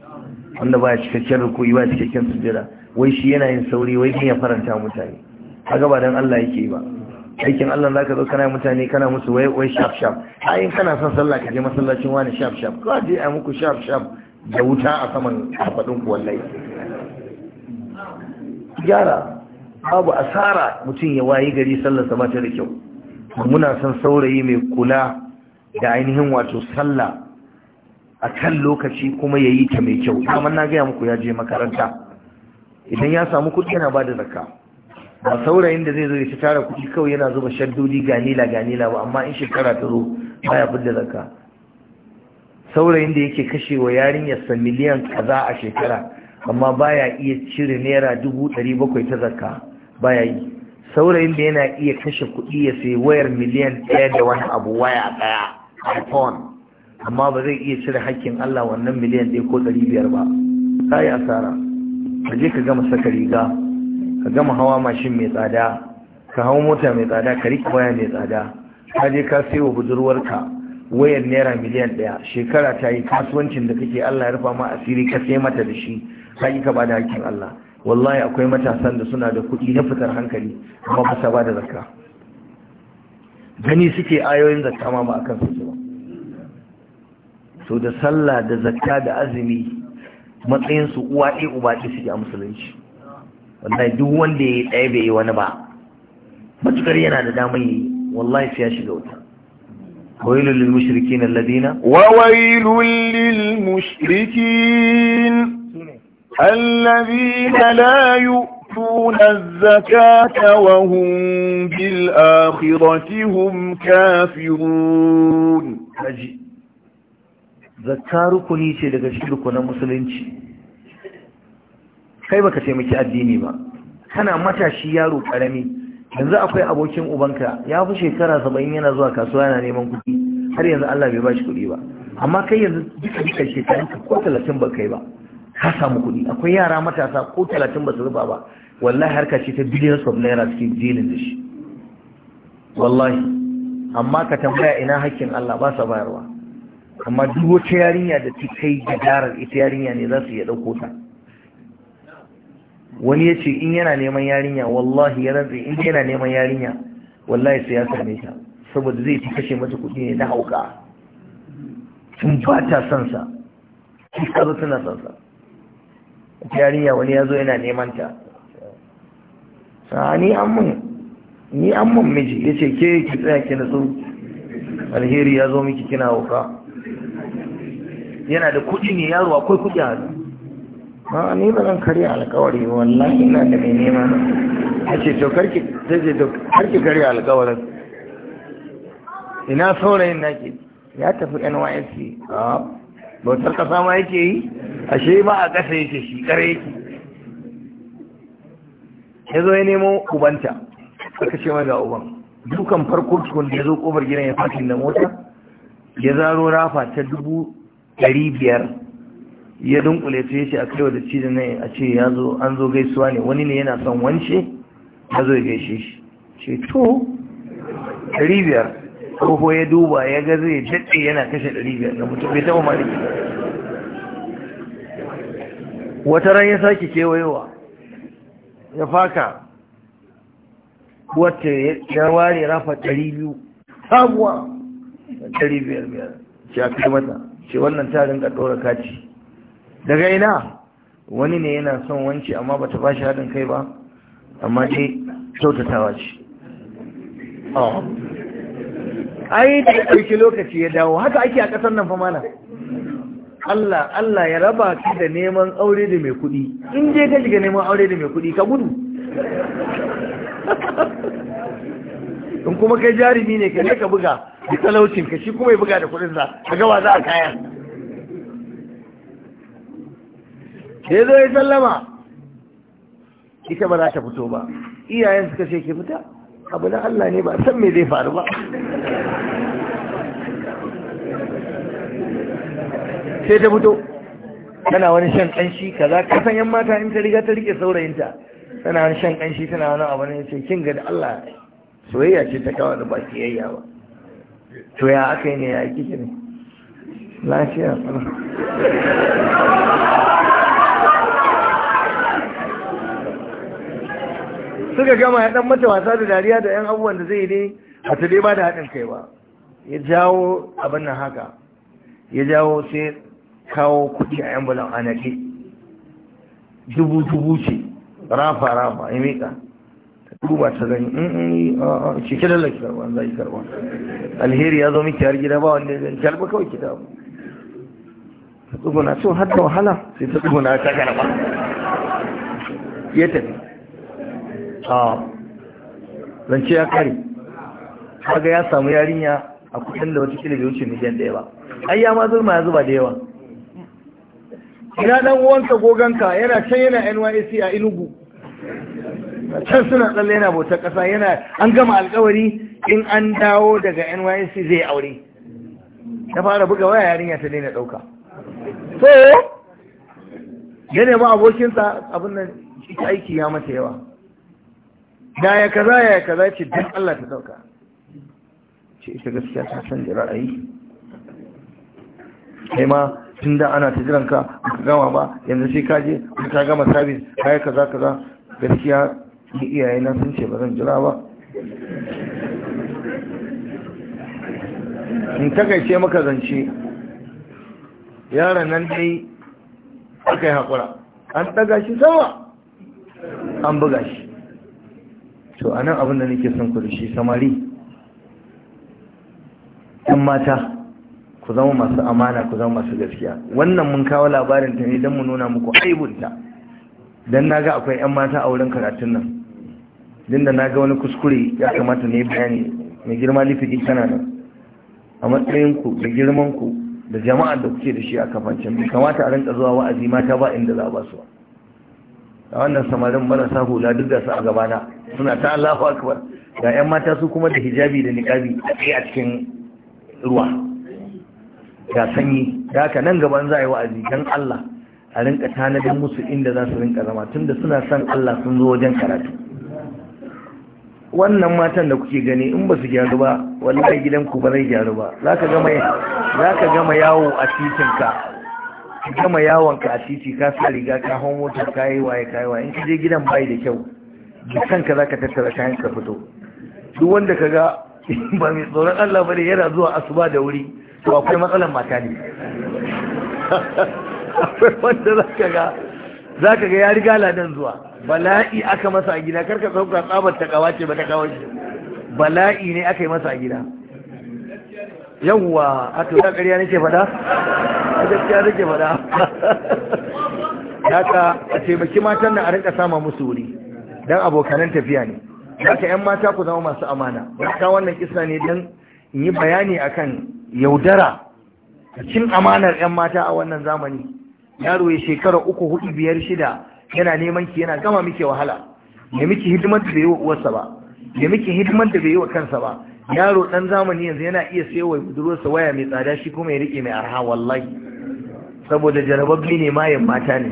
wanda ba ya cikakken rukuyi ba cikakken sujjada wai shi yana yin sauri wai ya faranta mutane A ba don Allah yake ba aikin Allah za ka zo kana mutane kana musu wai wai shaf shaf ayin kana son sallah ka je masallacin wani shaf shaf ko je a muku shaf shaf da wuta a saman kafadun ku wallahi gyara babu asara mutum ya wayi gari sallar sa ta da kyau muna son saurayi mai kula da ainihin wato sallah a kan lokaci kuma ya yi ta mai kyau kamar na gaya muku ya je makaranta idan ya samu kuɗi yana ba da zakka ba saurayin da zai zo ya tara kuɗi kawai yana zuba shaddodi ganila ganila ba amma in shekara ta zo baya fidda zakka saurayin da yake kashe wa yarinyarsa miliyan kaza a shekara amma baya iya cire naira dubu ɗari bakwai ta zakka baya yi saurayin da yana iya kashe kuɗi ya sayi wayar miliyan ɗaya da wani abu waya ɗaya iphone amma ba zai iya cire hakkin allah wannan miliyan ɗaya ko ɗari biyar ba ta yi asara ka je ka gama saka riga ka gama hawa mashin mai tsada ka hau mota mai tsada ka riƙe waya mai tsada ka je ka sayo budurwarka wayar naira miliyan ɗaya shekara ta yi kasuwancin da kake Allah ya rufa ma asiri ka sai mata da shi ka ba da hakkin Allah wallahi akwai matasan da suna da kuɗi na fitar hankali amma ba sa ba da zakka gani suke ayoyin zakka ma ba akan su ba so da sallah da zakka da azumi matsayin su uwa ɗaya uba ɗaya suke a musulunci wannan duk wanda ya yi ɗaya bai yi wani ba matukar yana da damar yi wallahi fiya shiga wuta wailun lil mushrikin alladina wa wailun mushrikin alladina la yu'tuna az-zakata wa hum bil akhirati hum kafirun zakaru ce daga cikin na musulunci kai baka taimaki addini ba kana matashi yaro karami yanzu akwai abokin ubanka ya fi shekara saba'in yana zuwa kasuwa yana neman kuɗi har yanzu Allah bai bashi kuɗi ba amma kai yanzu duka duka shekaru ko talatin ba kai ba ka samu kuɗi akwai yara matasa ko talatin ba su zuba ba wallahi harka ce ta biliyan of naira suke jilin da shi wallahi amma ka tambaya ina hakkin Allah ba sa bayarwa amma duk wata yarinya da ta kai gadarar ita yarinya ne za su iya ɗauko ta wani ya ce in yana neman yarinya wallahi ya rantsi in yana neman yarinya wallahi sai ya same ta saboda zai ci kashe mata kuɗi ne na hauka tun ba ta son sa shi zo tana son sa yarinya wani ya zo yana neman ta sa ni an mun ni an mun miji ya ce ke ki tsaya ki so alheri ya zo miki kina hauka yana da kuɗi ne yaro akwai kuɗi a hannu a ni ba zan karya alkawari wallahi ina da mai nema a ce to karki ta ce to karki karya alkawarin ina saurayin naki ya tafi nysc a bautar kasa ma yake yi ashe ba a ƙasa yake shi kare yake ya zo ya nemo ubanta aka ce mai ga uban dukan farko cikin da ya zo kofar gidan ya fashin da mota ya zaro rafa ta dubu ɗari biyar ya dunkule ya ce a kai wa ci da nan a ce ya zo an zo gaisuwa ne wani ne yana son wance ya zo ya gaishe shi ce to ɗari biyar ko ya duba ya ga zai daɗe yana kashe ɗari biyar na mutum bai taɓa maliki wata ran ya sake kewayewa ya faka wata ya ware rafa ɗari biyu sabuwa ɗari biyar biyar ce a kai mata ce wannan tarin ka ɗora kaci daga ina wani ne yana son wanci amma bata ba shi haɗin kai ba amma ce kyautatawa ce oh. ai da ya ɗauki lokaci ya dawo haka ake a ƙasar nan fa mana Allah Allah ya raba ki da neman aure da mai kuɗi in je ka shiga neman aure da mai kuɗi ka gudu in kuma kai jarumi ne ka ne ka buga da talaucin ka shi kuma ya buga da kuɗinsa ka gawa za a kaya da ya zo ya sallama ita ba za ta fito ba iyayen suka ce ke fita abu na Allah ne ba san me zai faru ba sai ta fito tana wani shan kanshi kaza san yan mata in ta riga ta rike saurayinta tana wani shan kanshi tana wani abu ne sai kin ga da Allah soyayya ce ta kawo da baki yayya ba to ya aka yi ne ya kike ne lafiya suka gama ya dan mata wasa da dariya da yan abubuwan da zai ne a ta ba da haɗin kai ba ya jawo abin nan haka ya jawo sai kawo kuɗi a yan bulan anake dubu dubu ce rafa rafa ya miƙa duba ta gani mm, mm, in in ce kira laki karba za ki karɓa. alheri ya zo miki har gida ba wanda zai karba kawai kita dawo ta tsuguna so hada wahala sai ta tsuguna ta karba ya tafi a zance ya kare kaga ya samu yarinya a kudin da wata kila bai wuce miliyan ɗaya ba ai ya ma zurma ya zuba da yawa ina dan uwanka goganka yana can yana N.Y.C a Enugu can suna tsalle yana bautar ƙasa yana an gama alkawari in an dawo daga N.Y.C zai aure Na fara buga waya yarinya ta daina ɗauka so yana ma abokinsa abin nan aiki ya mata yawa da ya kaza ya kaza ce don Allah ta dauka ce ita gaskiya ta san jira ra'ayi kai ma tun da ana ta ka ka gama ba yanzu sai ka je ka gama sabis kai kaza kaza gaskiya ni iyaye na sun ce ba zan jira ba in takaice maka zance yaron nan dai aka yi haƙura an ɗaga shi sama an buga shi to a nan abin da nake son ku da shi samari ‘yan mata ku zama masu amana ku zama masu gaskiya wannan mun kawo labarin ta ne don mu nuna muku aibunta don na ga akwai ‘yan mata a wurin karatun nan din da na ga wani kuskure ya kamata ne bayani mai girma lifiki kana nan a matsayinku da girmanku da jama'ar da kuke da shi a kafancin kamata a rinka zuwa wa'azi mata ba inda za ba su a wannan samarin marasa hula duk da su a gabana suna ta Allahu akbar ga ƴan mata su kuma da hijabi da niqabi a cikin ruwa ga sanyi da haka nan gaban za a yi wa'azi dan Allah a rinka tanadin musu inda za su rinka zama tunda suna son Allah sun zo wajen karatu wannan matan da kuke gani in ba su gyaru ba wallahi ku ba zai gyaru ba Za ka gama yawo a titinka ka gama yawon ka a titi ka sa riga ka hau motar ka yi waye ka yi waye in ka je gidan bai da kyau da kanka za ka tattara kayan ka fito duk wanda ka ga ba mai tsoron Allah bane yana zuwa asuba da wuri to akwai matsalan mata ne akwai wanda za ka ga za ka ga ya riga ladan zuwa bala'i aka masa a gida karka sauka tsabar ta kawace ba ta kawace bala'i ne aka yi masa a gida yawwa aka yi ƙarya nake faɗa gaskiya nake faɗa haka a taimaki matan nan a rinka sama musu wuri dan abokanan tafiya ne haka yan mata ku zama masu amana haka wannan kisa ne dan in yi bayani akan yaudara cin amanar yan mata a wannan zamani yaro ya shekara uku hudu biyar shida yana neman ki yana gama miki wahala ya miki hidimar da bai yi wa uwarsa ba ya miki hidimar da bai yi wa kansa ba yaro dan zamani yanzu yana iya sayo wa budurwarsa waya mai tsada shi kuma ya rike mai arha wallahi saboda jarababbi ne mayan mata ne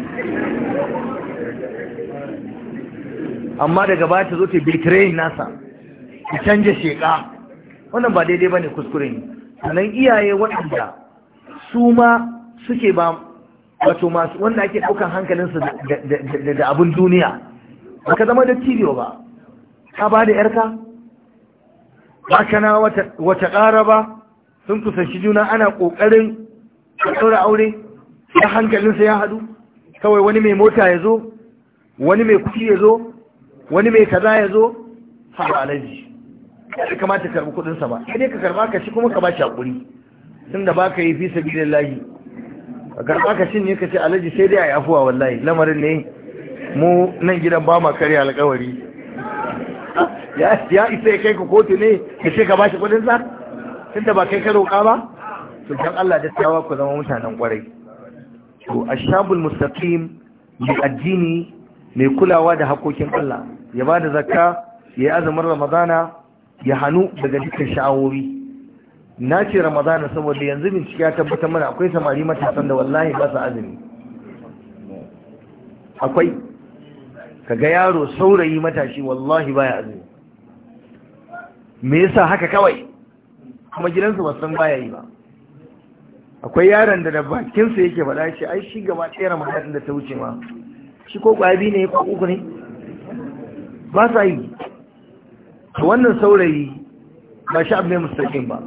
amma daga baya ta zo ta bitrayin nasa ta canja sheka wannan ba daidai bane kuskure ne sannan iyaye waɗanda su ma suke ba wato masu wanda ake ɗaukan hankalinsu da abin duniya ba ka zama da cibiyo ba ka ba da 'yarka makana wata ƙara ba sun kusanci juna ana ƙoƙarin ƙasar aure ta hankalinsa ya haɗu kawai wani mai mota ya zo wani mai kuki ya zo wani mai kaza ya zo haɗa alaji ya kamata karɓi kuɗinsa ba sai ka karɓa ka shi kuma ka ba shi haƙuri tun da ba ka yi fi gidan da lahi ka karɓa ka shin ne ka ce alaji sai dai a yi afuwa wallahi lamarin ne mu nan gidan ba ma karya alƙawari ya isa ya kai ka kotu ne da ce ka bashi kudin sa tunda ba kai ka roƙa ba to dan Allah da tsawa ku zama mutanen kwarai to ashabul mustaqim mai addini mai kulawa da hakokin Allah ya ba da zakka ya yi azumin ramadana ya hannu daga dukkan sha'awowi na ce ramadana saboda yanzu bincike ya tabbatar mana akwai samari matasan da wallahi ba su azumi akwai kaga yaro saurayi matashi wallahi baya azumi me yasa haka kawai kuma gidansa ba san baya yi ba akwai yaron da da bakinsa yake faɗa shi ai shi gaba ɗaya ramadan da ta wuce ma shi ko ƙwabi ne ko uku ne ba sa yi wannan saurayi ba shi abu ne mustaƙin ba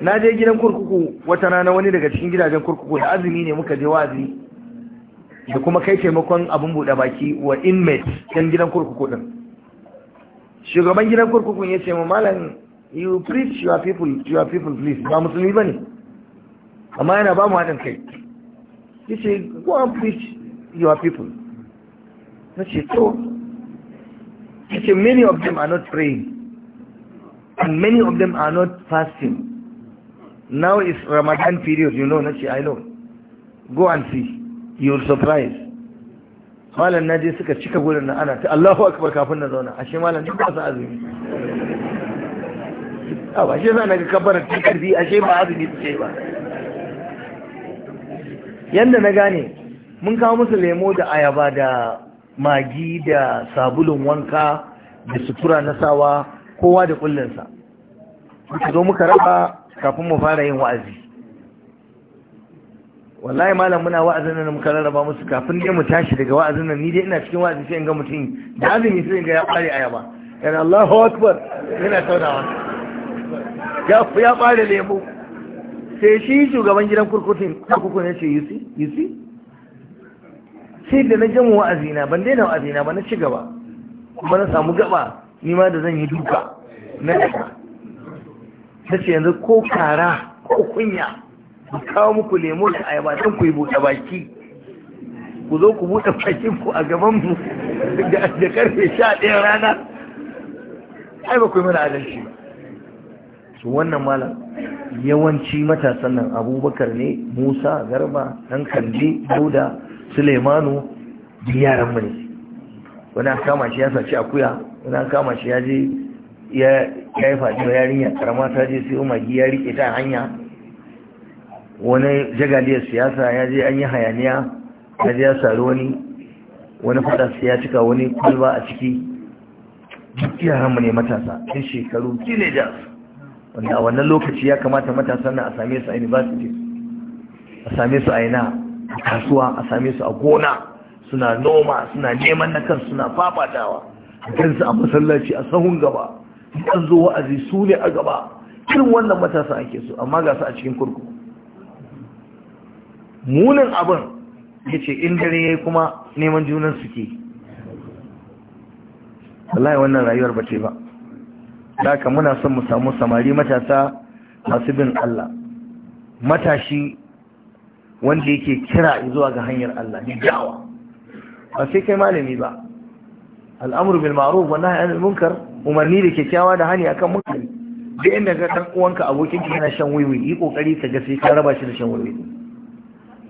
na je gidan kurkuku wata rana wani daga cikin gidajen kurkuku da azumi ne muka je wazi da kuma kai taimakon abin buɗe baki wa inmate yan gidan kurkuku ɗin shugaban gidan kurkukun ya ce mu malam you preach your people your people please ba musulmi ba ne amma yana ba mu haɗin kai ya go and preach your people na ce to ya many of them are not praying and many of them are not fasting now is ramadan period you know na ce i know go and see you'll surprise malam na je suka cika gurin nan ana ta Allahu akbar kafin na zauna ashe malam duk ba su azumi a ah, ba shi na ga kabbarar ta karfi ashe ba azumi ce ba yanda na gane mun kawo musu lemo da ayaba da magi da sabulun wanka da sutura na sawa kowa da kullunsa, muka zo muka raba kafin mu fara yin wa'azi wallahi malam muna wa'azin nan karara rarraba musu kafin dai mu tashi daga wa'azin nan ni dai ina cikin wa'azi sai in ga mutum da azumi sai in ga ya fare ayaba yana Allahu akbar yana taunawa ya ya bare lemu sai shi shugaban gidan kurkutun kuku ne ce yusi yusi sai da na jama wa'azi na ban daina wa'azi na ba na ci gaba kuma na samu gaba ni ma da zan yi duka na ta ce yanzu ko kara ko kunya ku kawo muku lemo da ayaba don ku yi buɗe baki ku zo ku buɗe bakin ku a gaban mu da karfe sha ɗaya rana ai ba ku yi mana adalci ba su wannan malam yawanci matasan nan abubakar ne musa garba ɗan kandi dauda suleimanu yaran mu ne wani an kama shi ya saci akuya wani an kama shi ya je ya yi faɗi yarinya karama ta je sai umar ya rike ta hanya wani jagaliyar siyasa ya je an yi hayaniya ya je ya sari wani wani fada ya cika wani kwalba a ciki yaran mu ne matasa in shekaru teenagers wanda a wannan lokaci ya kamata matasan na a same su a university a same su a ina a kasuwa a same su a gona suna noma suna neman na kan suna fafatawa a su a masallaci a sahun gaba an zo wa'azi su ne a gaba irin wannan matasa ake so amma ga a cikin kurkuku munin abin ya ce in dare ya kuma neman junan suke wallahi wannan rayuwar ba ce ba da ka muna son mu samu samari matasa masu bin Allah matashi wanda yake kira zuwa ga hanyar Allah ne dawa ba sai kai malami ba Al'amur bil ma'ruf wa nahy anil munkar umarni da kyakkyawa da hani akan munkari da inda ga dan uwanka abokin ki yana shan wiwi yi kokari ka ga sai ka raba shi da shan wiwi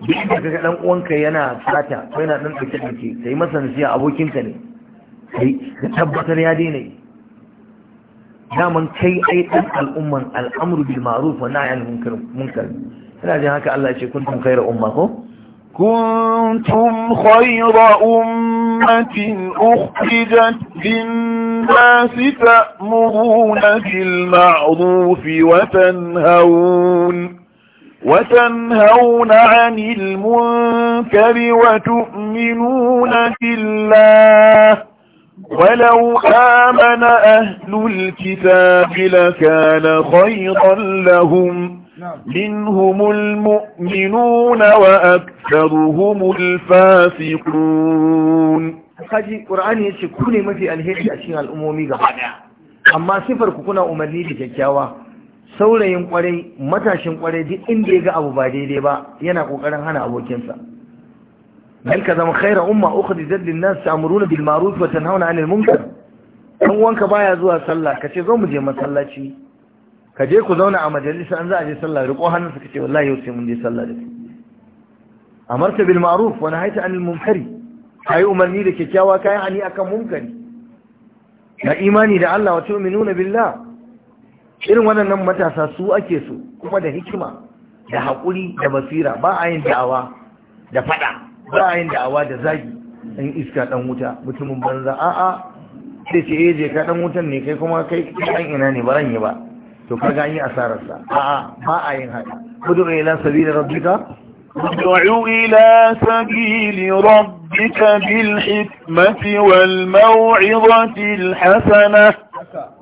duk da kaga dan uwanka yana fata ko yana dan dace dace sai masa abokin ka ne kai ka tabbatar ya daina yi daman kai ai dan al'umman al'amru bil ma'ruf wa nahy anil munkar munkar ina jin haka Allah ya ce kuntum khayra umma ko كنتم خير أمة أخرجت للناس تأمرون بالمعروف وتنهون وتنهون عن المنكر وتؤمنون بالله ولو آمن أهل الكتاب لكان خيرا لهم منهم المؤمنون وأكثرهم الفاسقون kaji qur'ani yace ku ne mafi alheri a cikin al'ummomi gaba daya amma sifar ku kuna umarni da kyakkyawa saurayin kwarai matashin kwarai duk inda ya ga abu ba daidai ba yana kokarin hana abokinsa bal ka zama khaira umma ukhrijat lin nas ta'muruna bil ma'ruf wa tanhauna 'anil munkar dan wanka baya zuwa sallah kace zo mu je masallaci ka je ku zauna a majalisa an za a je sallah riko hannunsa kace wallahi yau sai mun je sallah da ku amarta bil ma'ruf wa nahaita 'anil munkari kai umarni da kyakkyawa kai ani akan munkari na imani da Allah wa tu'minuna billah irin waɗannan matasa su ake su kuma da hikima da haƙuri da basira ba a yin da'awa da faɗa ba a yin da'awa da zagi in iska ɗan wuta mutumin banza a'a sai ce eh je ka ɗan wutan ne kai kuma kai ɗan ina ne baran yi ba to ka ga yi asararsa a'a ba a yin haka kudur ila sabili rabbika ادعوا إلى سبيل ربك بالحكمة والموعظة الحسنة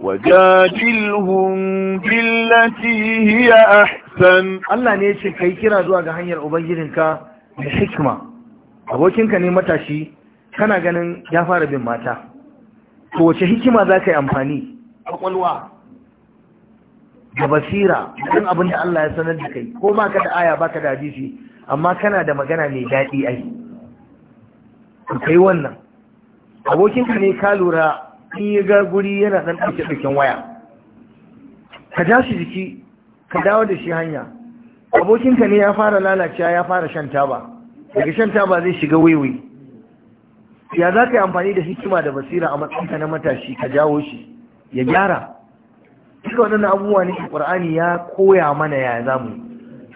wajadilhum billati hiya ahsan Allah ne yace kai kira zuwa ga hanyar ubangijinka da hikma abokinka ne matashi kana ganin ya fara bin mata to wace hikima za ka yi amfani kwakwalwa da basira kan abin da Allah ya sanar da kai ko baka da aya baka ka da hadisi amma kana da magana mai daɗi ai kai wannan abokinka ne ka lura in ya ga guri yana ɗan ɗauke ɗauken waya ka ja shi jiki ka dawo da shi hanya abokinka ne ya fara lalacewa ya fara shan taba daga shan taba zai shiga waiwai ya za ka yi amfani da hikima da basira a matsayinka na matashi ka jawo shi ya gyara duka waɗannan abubuwa ne ƙur'ani ya koya mana ya zamu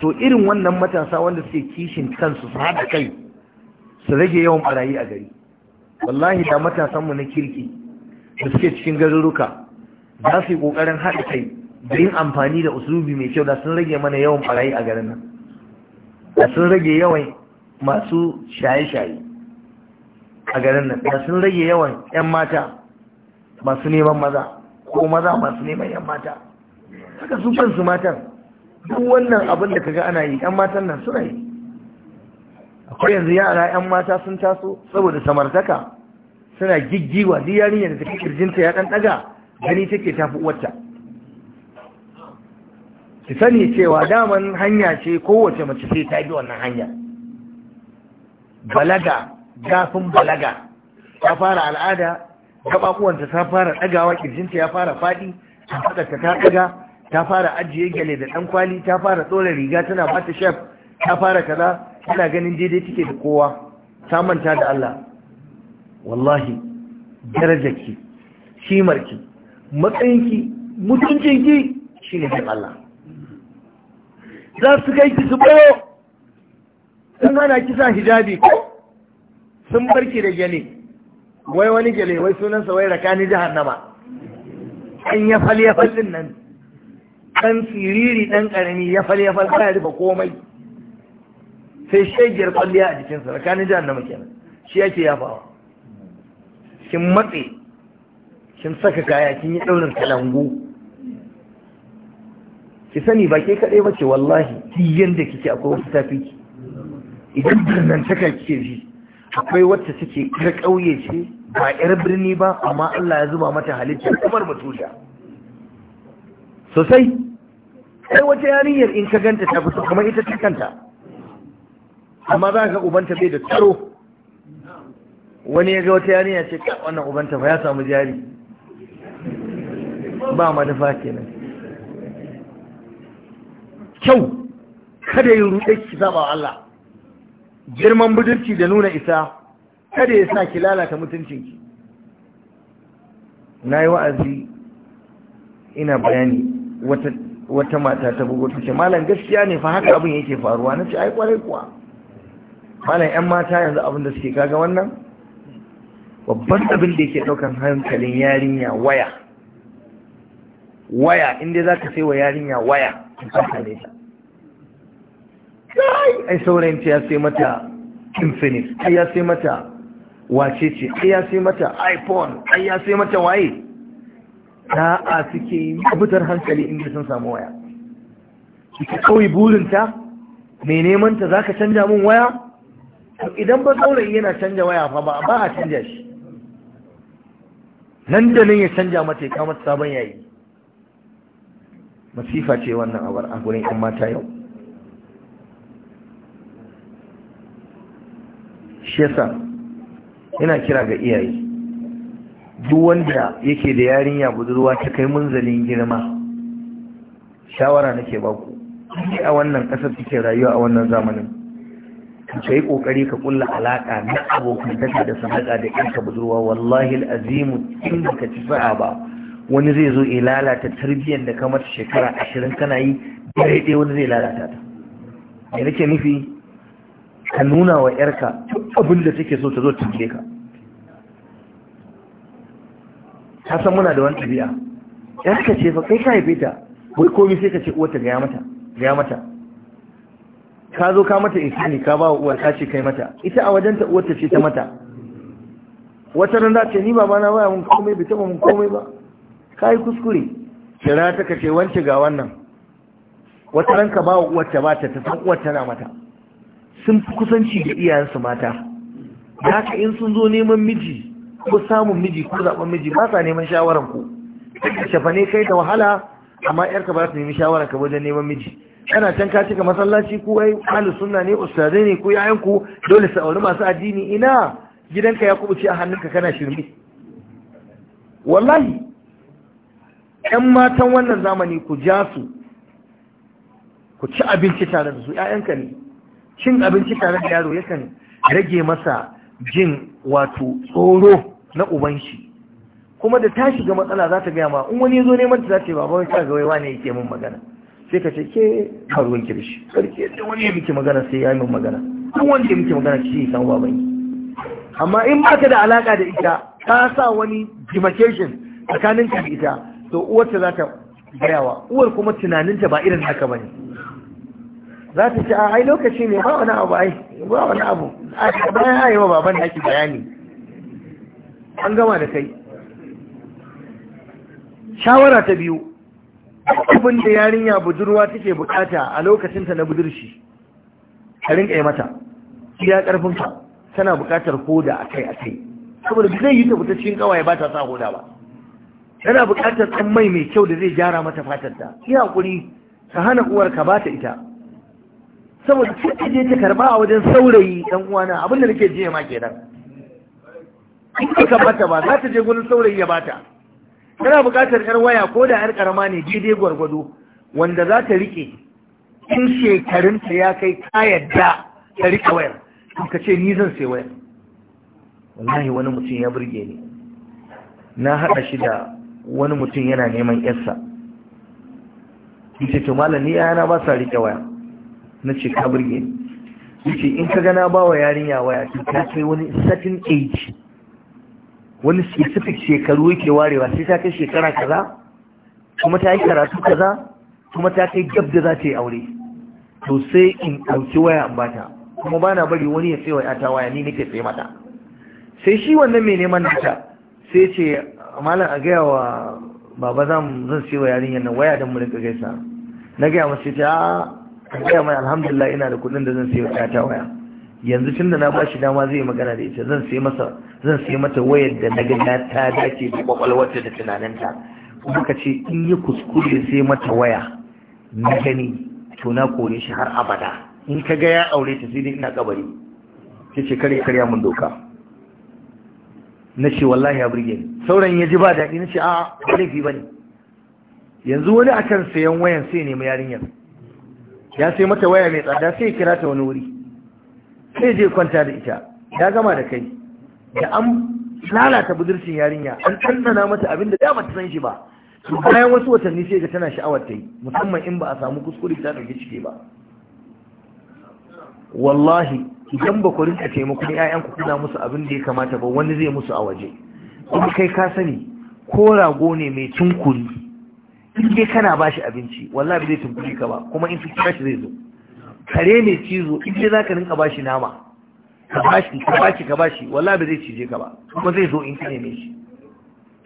to irin wannan matasa wanda suke kishin kansu su haɗa kai su rage yawan barayi a gari wallahi da matasanmu na kirki da suke cikin garuruka za su yi ƙoƙarin haɗa kai da yin amfani da usulubi mai kyau da sun rage mana yawan ɓarayi a garin nan da sun rage yawan masu shaye-shaye a garin nan da sun rage yawan 'yan mata masu neman maza ko maza masu neman 'yan mata Saka su kansu matan duk wannan abin da kaga ana yi 'yan matan nan suna yi akwai yanzu yara 'yan mata sun taso saboda samartaka suna giggiwa da yarinyar da take kirjinta ya ɗanɗaga gani take tafi uwarta ki sani cewa daman hanya ce kowace mace sai ta bi wannan hanya balaga gafin balaga ta fara al'ada kuwanta ta fara ɗagawa kirjinta ya fara faɗi ta ta ɗaga ta fara ajiye gale da ɗan kwali ta fara tsoron riga tana bata shaf ta fara kaza tana ganin daidai take da kowa ta da Allah wallahi darajarki shimarki matsayinki mutuncinki shi ne jin Allah za su kai ki su bayo sun hana ki sa hijabi ko sun barki da gane wai wani gele wai sunansa wai rakani nama an ya fal ya fallin nan ɗan siriri ɗan ƙarami ya fal ya fal ya rufe komai sai shegiyar kwalliya a jikinsa rakani nama kenan shi yake yafawa kin matse kin saka kaya kin yi ɗaurin kalangu ki sani ba ke kaɗai ba ce wallahi ki yanda kike akwai wasu tafi ki idan birnin taka kike ji akwai wacce take kira ƙauye ce ba yar birni ba amma Allah ya zuba mata halitta kamar mutuja sosai kai wata yarinyar in ka ganta ta fito kamar ita ta kanta amma za ka ubanta bai da tsaro wani ya ga wata yarinya ce wannan ubanta fa ya samu jari ba madafa kenan kyau kada ya ruɗe ki zaba Allah girman budurci da nuna isa kada ya sa ki lalata mutuncinki na yi wa'azi ina bayani wata mata ta bugu ta ce malam gaskiya ne fa haka abin yake faruwa na ce ai kwarai kuwa malam 'yan mata yanzu abin da suke kaga wannan babban abin da yake ɗaukar hankalin yarinya waya waya inda za ka sai wa yarinya waya in ne ta kai ai saurayin ta ya sai mata infinite ai ya sai mata wace ce ai ya sai mata iphone ai ya sai mata waye a suke yi hankali inda sun samu waya ita kawai burinta mai neman ta za ka canja mun waya idan ba saurayi yana canja waya fa ba a canja shi nan da nan ya canja mata ya kamata sabon yayi masifa ce wannan a gurin yan mata yau shi yasa ina kira ga iyaye duk wanda yake da yarinya budurwa ta kai munzalin girma shawara nake baku a wannan kasar suke rayuwa a wannan zamanin ka yi kokari ka kulla alaka na abokantaka da sanaka da yanka budurwa wallahi al'azimu in ka ci ba wani zai zo ya lalata tarbiyyar da kamar shekara ashirin kana yi daidai wani zai lalata ta me nake nufi ka nuna wa yarka abin da take so ta zo tambaye ka ta san muna da wani ɗabi'a yarka ce fa kai ka haife ta wai komai sai ka ce uwar ta gaya mata gaya mata ka zo ka mata isani ka ba wa uwar ka ce kai mata ita a wajenta uwar ta ce ta mata wata ran ce ni baba na baya mun komai bai taba mun komai ba ka yi kuskure kira ta ka ce wance ga wannan wata ran ka ba wa uwar ta bata ta san uwar tana mata sun fi kusanci da iyayensu mata haka in sun zo neman miji ko samun miji ko zaɓen miji ba sa neman shawaran ku shafa ne kai da wahala amma yarka ba za ta nemi shawaran ka wajen neman miji kana can ka cika masallaci ku ai ahlus sunna ne ustadai ne ko yayan ku dole sa auri masu addini ina gidanka ya kubuce a hannunka kana shirme wallahi ƴan matan wannan zamani ku ja su ku ci abinci tare da su ƴaƴanka ne cin abinci tare da yaro yakan rage masa jin wato tsoro na uban shi kuma da ta ga matsala za ta gaya ma in wani ya zo neman ta za ta yi wai ga wai wane yake min magana sai ka ce ke karuwan ki dashi karki da wani ya miki magana sai ya yi min magana duk wanda ya miki magana shi san baban ki amma in ba ka da alaka da ita ka sa wani demarcation tsakanin ka da ita to uwar ta za ta gayawa uwar kuma tunaninta ba irin haka bane za ta ce a ai lokaci ne ba wani abu ai ba wani abu a bayan ayewa baban da ake bayani an gama da kai shawara ta biyu abin da yarinya budurwa take bukata a lokacinta na budurci ka rinka yi mata ya karfinka tana bukatar hoda akai akai saboda zai yi tabbata cikin kawaye ba ta sa hoda ba Yana bukatar ɗan mai mai kyau da zai gyara mata fatarta iya hakuri ka hana uwar ka bata ita saboda ka je ta karba a wajen saurayi dan uwana abin da nake jiya ma kenan in ka bata ba za ta je gurin saurayi ya bata kana buƙatar yar waya ko da yar karama ne daidai gwargwado wanda za ta rike in shekarunta ya kai ta yadda ta rike wayar to ka ce ni zan sai wayar wallahi wani mutum ya burge ni na haɗa shi da wani mutum yana neman yarsa yace to malam ni yana ba sa rike waya na ce ka burge ni yace in ka ga na ba wa yarinya waya to ta kai wani certain age wani specific shekaru yake warewa sai ta kai shekara kaza kuma ta yi karatu kaza kuma ta kai gab da za ta yi aure to sai in ɗauki waya in bata kuma ba bari wani ya sai wa ta waya ni nake sai mata sai shi wannan mai neman nata sai ce malam a gaya wa baba zan zan sai wa yarinyar nan waya don mu rinka gaisa na gaya masa sai ta a gaya mai alhamdulillah ina da kuɗin da zan sai wa ta waya yanzu tunda na ba shi dama zai magana da ita zan sai masa zan sai mata wayar da na gani ta dace da kwakwalwarta da tunaninta kuma ka ce in yi kuskure sai mata waya na gani to na kore shi har abada in ka ga ya aure ta sai dai ina kabari ta ce kare karya mun doka na ce wallahi ya burge ni sauran ya ji ba daɗi na ce a laifi ba ne yanzu wani akan sayan wayan sai nemi yarinyar ya sai mata waya mai tsada sai ya kira ta wani wuri sai je kwanta da ita ya gama da kai da an lalata budurcin yarinya an tsanana mata abin da ba ta san shi ba su bayan wasu watanni sai ga tana sha'awar ta yi musamman in ba a samu kuskure ta ɗauki ciki ba wallahi idan ba ku rinka taimakon ku kuna musu abin da ya kamata ba wani zai musu a waje In kai ka sani ko rago ne mai tunkuri in dai kana bashi abinci wallahi zai tunkuri ka ba kuma in fi kira shi zai zo kare ne cizo inda za ka rinka ba shi nama ka ba shi ka ba ka ba shi wala ba zai cije ka ba kuma zai zo in ka neme shi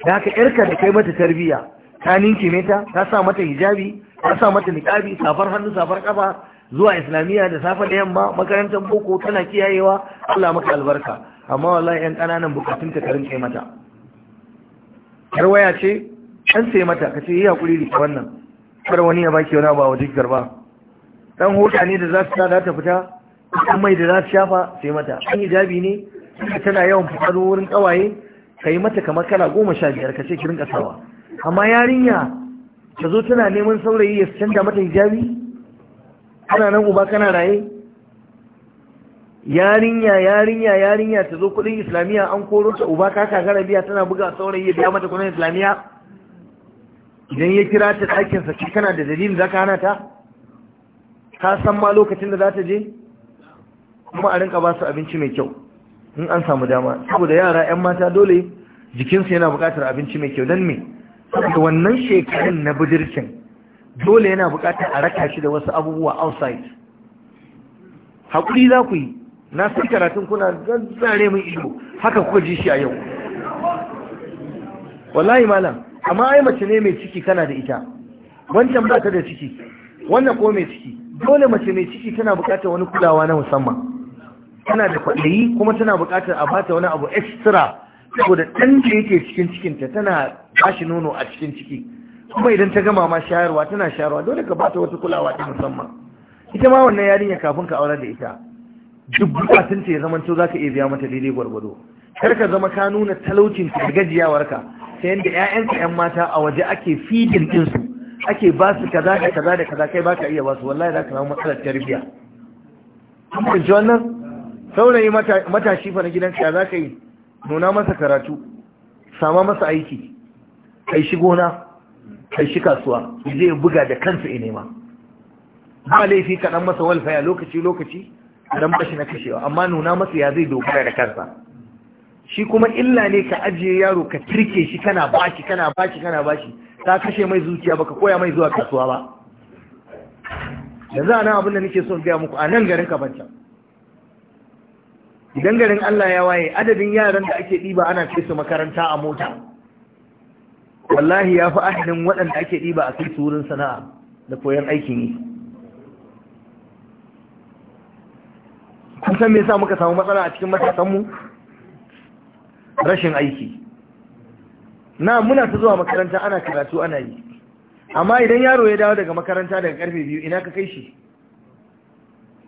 da haka yarka da kai mata tarbiyya ta ninki mata ta sa mata hijabi ta sa mata niqabi safar hannu safar kafa zuwa islamiyya da safa da yamma makarantar boko tana kiyayewa Allah maka albarka amma wallahi yan kananan bukatun ta karin kai mata har waya ce an sai mata kace yi hakuri da wannan kar wani ya baki wani ba wajen garba dan hota ne da za su sa ta fita dan mai da za su shafa sai mata an hijabi ne tana yawan fitar wurin kawaye yi mata kamar kala goma sha biyar ka ce ki rinka sawa amma yarinya ta zo tana neman saurayi ya canza mata hijabi ana nan uba kana raye yarinya yarinya yarinya ta zo kudin islamiyya an koro ta uba kaka garabiya tana buga saurayi ya biya mata kudin islamiyya idan ya kira ta ɗakinsa ki kana da dalilin zaka hana ta Ka san ma lokacin da za ta je kuma a rinka ba su abinci mai kyau in an samu dama saboda yara 'yan mata dole jikinsu yana bukatar abinci mai kyau don me saboda wannan shekarun na budurcin dole yana bukatar a raka shi da wasu abubuwa outside haƙuri za ku yi na san karatun kuna zazzare min ido haka kuka ji shi a yau wallahi malam amma ai mace ne mai ciki kana da ita wancan ba ta da ciki wannan ko mai ciki dole mace mai ciki tana bukatar wani kulawa na musamman tana da kwaɗayi kuma tana bukatar a bata wani abu extra saboda ɗan da yake cikin cikinta tana bashi nono a cikin ciki kuma idan ta gama ma shayarwa tana shayarwa dole ka bata wata kulawa ta musamman ita ma wannan yarinya kafin ka aure da ita duk bukatun ta ya zama to zaka iya biya mata daidai gwargwado kar ka zama ka nuna talaucin ka gajiyawarka ta yanda ƴaƴanka ƴan mata a waje ake feeding ɗinsu ake ba su kaza da kaza da kaza kai baka iya ba su wallahi za ka samu matsalar tarbiyya in ji wannan saurayi matashi fa na gidanka za ka yi nuna masa karatu sama masa aiki kai shi gona kai shi kasuwa zai buga da kansa ya nema ba laifi kaɗan masa walfaya lokaci lokaci dan bashi na kashewa amma nuna masa ya zai dogara da kansa shi kuma illa ne ka ajiye yaro ka tirke shi kana bashi kana bashi kana bashi Ta kashe mai zuciya baka koya mai zuwa kasuwa ba yanzu ana abin da nake son gaya muku a nan garin kabancan idan garin Allah ya waye adadin yaran da ake ɗiba ana kai su makaranta a mota wallahi ya fi adadin waɗanda ake ɗiba a kai su wurin sana'a da koyon aikin yi kun san me yasa muka samu matsala a cikin matasanmu rashin aiki na muna ta zuwa makaranta ana karatu ana yi amma idan yaro ya dawo daga makaranta daga karfe biyu ina ka kai shi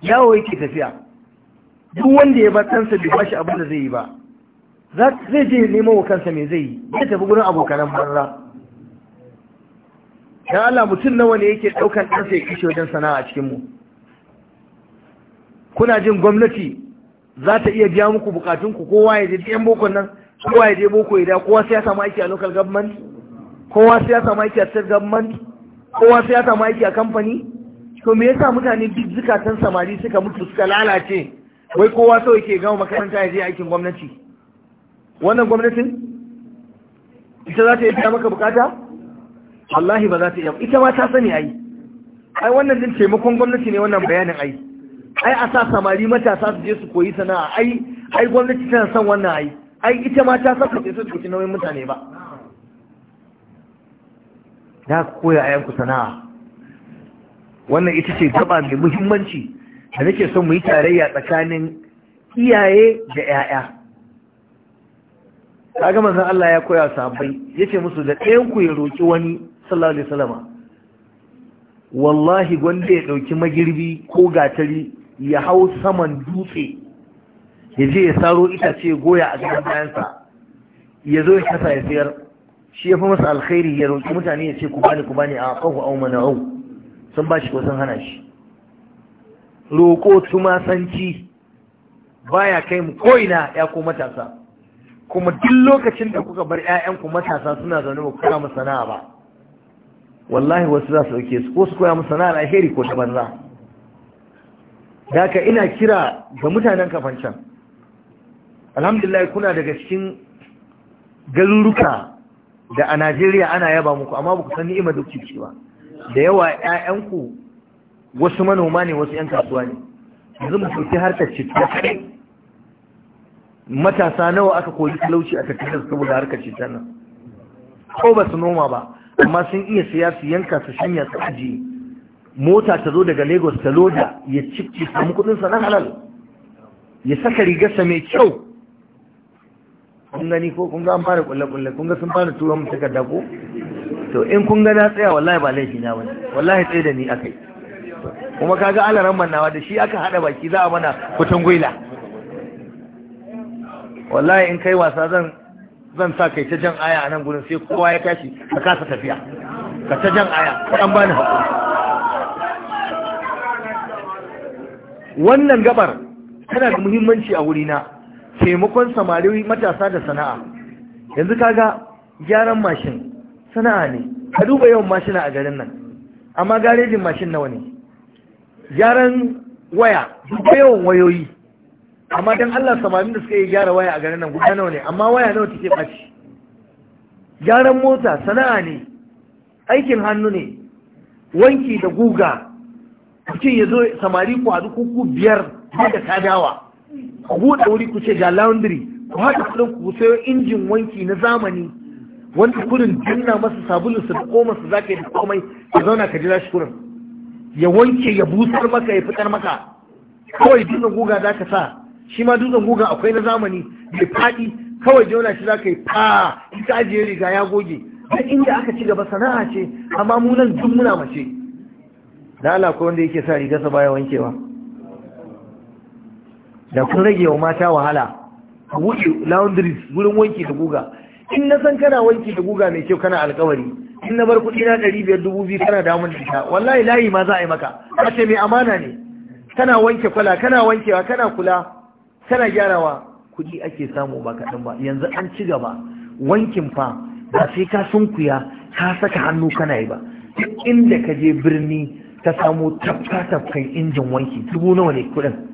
yawo yake tafiya duk wanda ya bar kansa bai bashi abin da zai yi ba zai je neman wa kansa mai zai yi zai tafi gudun abokanan banza dan Allah mutum nawa ne yake daukan ɗansa ya kashe wajen sana'a cikin mu kuna jin gwamnati za ta iya biya muku bukatunku kowa ya je yan bokon nan kowa ya je boko ya kowa sai ya samu aiki a local government kowa sai ya samu aiki a state government kowa sai ya samu aiki a kamfani to me yasa mutane duk zukatan samari suka mutu suka lalace wai kowa sai ke gama makaranta ya je aikin gwamnati wannan gwamnatin ita za ta iya maka bukata wallahi ba za ta iya ita ma ta sani ai ai wannan din taimakon gwamnati ne wannan bayanin ai ai a sa samari matasa su je su koyi sana'a ai ai gwamnati tana son wannan ai ai ita ma ta saka sai su nauyin mutane ba na koya ayanku sana'a wannan ita ce gaba mai muhimmanci da nake son mu yi tarayya tsakanin iyaye da 'ya'ya gama zan Allah ya koya sabai ya ce musu da ɗayan ku ya roƙi wani sallallahu alaihi salama. wallahi gwanda ya ɗauki magirbi ko gatari ya hau saman dutse ya je ya saro itace goya a gidan bayansa ya zo ya kasa ya siyar shi ya fi masa alkhairi ya roƙi mutane ya ce ku bani ku bani a umarna au sun ba shi ko sun hana shi roƙo Ba baya kai mu ko'ina ya ko matasa kuma duk lokacin da kuka bar 'ya'yanku matasa suna zaune ba kuka mu sana'a ba wallahi wasu za su dauke su ko su koya mu sana'ar alheri ko ta banza da ina kira ga mutanen kafancan alhamdulillah kuna daga cikin garuruka da a Najeriya ana yaba muku amma ku san ni'imar duk ciki ba da yawa ƴaƴanku wasu manoma ne wasu ƴan kasuwa ne yanzu mu ɗauki harkar citta kai matasa nawa aka koyi talauci a tattalin saboda harkar citta nan ko ba su noma ba amma sun iya siya su yanka su shanya su ajiye mota ta zo daga Lagos ta loda ya ci samu kuɗin sa na halal ya saka rigarsa mai kyau kun gani ko kun ga an fara kulle kulle kun ga sun fara tura mu takarda ko to in kun ga na tsaya wallahi ba laifi na bane wallahi tsaye da ni akai kuma kaga alaran mannawa da shi aka hada baki za a mana kutan gwaila wallahi in kai wasa zan zan sa kai ta jan aya a nan gurin sai kowa ya tashi ka kasa tafiya ka ta jan aya ko an bani hakuri wannan gabar tana da muhimmanci a wurina taimakon samari matasa da sana'a yanzu kaga gyaran mashin sana'a ne ka duba yawan mashina a garin nan amma garejin mashin nawa ne gyaran waya duba yawan wayoyi amma don Allah samarin da suka yi gyara waya a garin nan guda nawa ne amma waya nawa take ɓaci gyaran mota sana'a ne aikin hannu ne wanki da guga mutum ya zo samari ku duk kuku biyar da kadawa ku buɗe wuri ku ce ga laundry ku haɗa kuɗin ku sayo injin wanki na zamani wanda kudin danna masa sabulun su da koma su ka yi da komai ka zauna ka jira shi kurin ya wanke ya busar maka ya fitar maka kawai dutsen guga za ka sa shi ma dutsen guga akwai na zamani mai faɗi kawai jona shi za ka yi fa ita ajiye riga ya goge duk inda aka ci gaba sana'a ce amma mu nan duk muna mace da Allah ko wanda yake sa riga sa baya wankewa da kun rage wa mata wahala a wuce laundries wurin wanki da guga in na san kana wanki da guga mai kyau kana alkawari in na bar kuɗi na ɗari biyar dubu biyu kana damun da ita wallahi layi ma za a yi maka a ce mai amana ne kana wanke kwala kana wankewa kana kula kana gyarawa kuɗi ake samu ba kaɗan ba yanzu an ci gaba wankin fa ba sai ka sunkuya ka saka hannu kana yi ba duk inda ka je birni ta samu tafka tafkan injin wanki dubu nawa ne kuɗin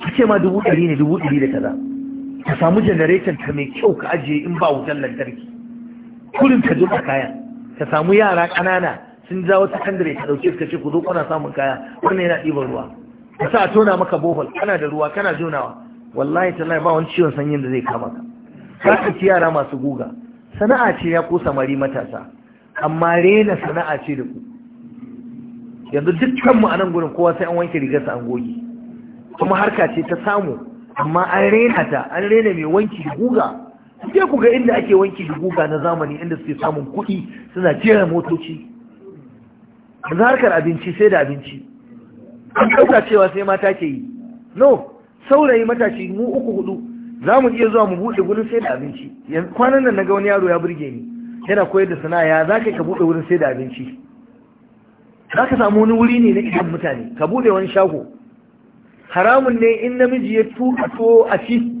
ka ce ma dubu ɗari ne dubu ɗari da kaza ka samu janareton ka mai kyau ka ajiye in ba wutar lantarki kurin ka duka kayan ka samu yara ƙanana sun ja wata kandare ka ɗauke ka ce ku zo kana samun kaya wannan yana ɗiban ruwa ka sa a tona maka bohol kana da ruwa kana jonawa wallahi tallahi ba wani ciwon sanyin da zai kama ka ka ci yara masu guga sana'a ce ya ko samari matasa amma rena sana'a ce da ku yanzu dukkanmu a nan gurin kowa sai an wanke rigarsa an goge kuma harka ce ta samu amma an rena ta an rena mai wanki da guga sai ku ga inda ake wanki da guga na zamani inda suke samun kuɗi suna jera motoci yanzu harkar abinci sai da abinci an ɗauka cewa sai mata ke yi no saurayi matashi mu uku hudu za mu iya zuwa mu buɗe wurin sai da abinci kwanan nan na ga wani yaro ya burge ni yana koyar da sana'a ya za ka buɗe wurin sai da abinci za ka samu wani wuri ne na idan mutane ka buɗe wani shago haramun ne in namiji ya tuka to a shi.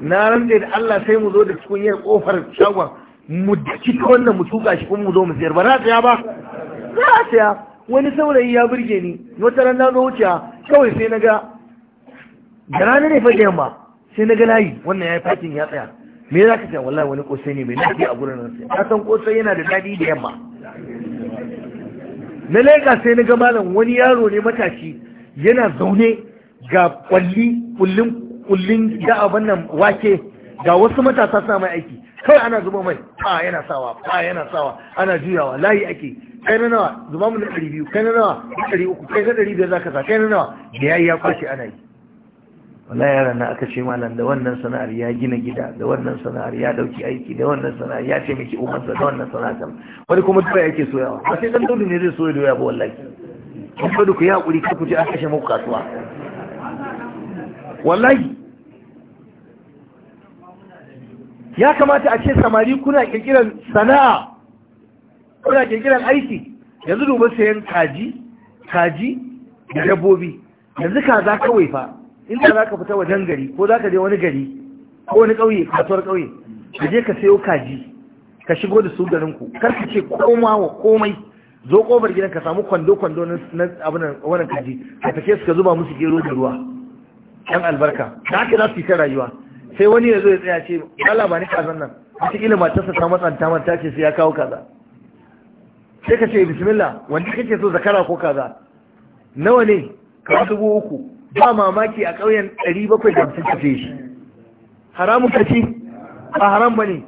na ran da Allah sai mu zo da tukunyar kofar shagon mu daki wannan mu tuka shi kuma mu zo mu sayar ba za ta ya ba za a saya wani saurayi ya burge ni wata ran na zo wuciya kawai sai na ga da rana ne fa yamma sai na ga layi wannan ya yi fakin ya tsaya me za ka ce wallahi wani kosai ne mai lafiya a gurin nan ka san kosai yana da dadi da yamma na leka sai na ga malam wani yaro ne matashi yana zaune ga kwalli kullin kullin da abin nan wake ga wasu matasa suna mai aiki kai ana zuba mai fa yana sawa fa yana sawa ana juyawa layi ake kai na nawa zuba mu na ɗari biyu kai na nawa ɗari uku kai na ɗari biyar zaka sa kai na nawa da yayi ya kwashe ana yi wallahi yaran na aka ce malam da wannan sana'ar ya gina gida da wannan sana'ar ya dauki aiki da wannan sana'ar ya ce miki umarsa da wannan sana'ar wani kuma ya yake soyawa ba sai dan dole ne zai soya doya ba wallahi kun ku ya kuri kar ku je kashe muku kasuwa wallahi ya kamata a ce samari kuna kirkiran sana'a kuna kirkiran aiki yanzu duba sayan kaji kaji da dabbobi yanzu kaza kawai fa inda za ka fita wajen gari ko za ka je wani gari ko wani ƙauye kasuwar ƙauye ka je ka sayo kaji ka shigo da su garinku kar ka ce koma wa komai zo ƙofar gidan ka samu kwando kwando na abin wannan kaji ka take suka zuba musu gero da ruwa yan albarka da haka za su yi ta rayuwa sai wani ya zo ya tsaya ce Allah ba ni kazan nan wataƙila matarsa ta matsanta manta ce sai ya kawo kaza sai ka ce bismillah wanda kake so zakara ko kaza nawa ne ka dubu uku ba mamaki a ƙauyen ɗari bakwai da hamsin kafe shi haramun ka ci ba haram ba ne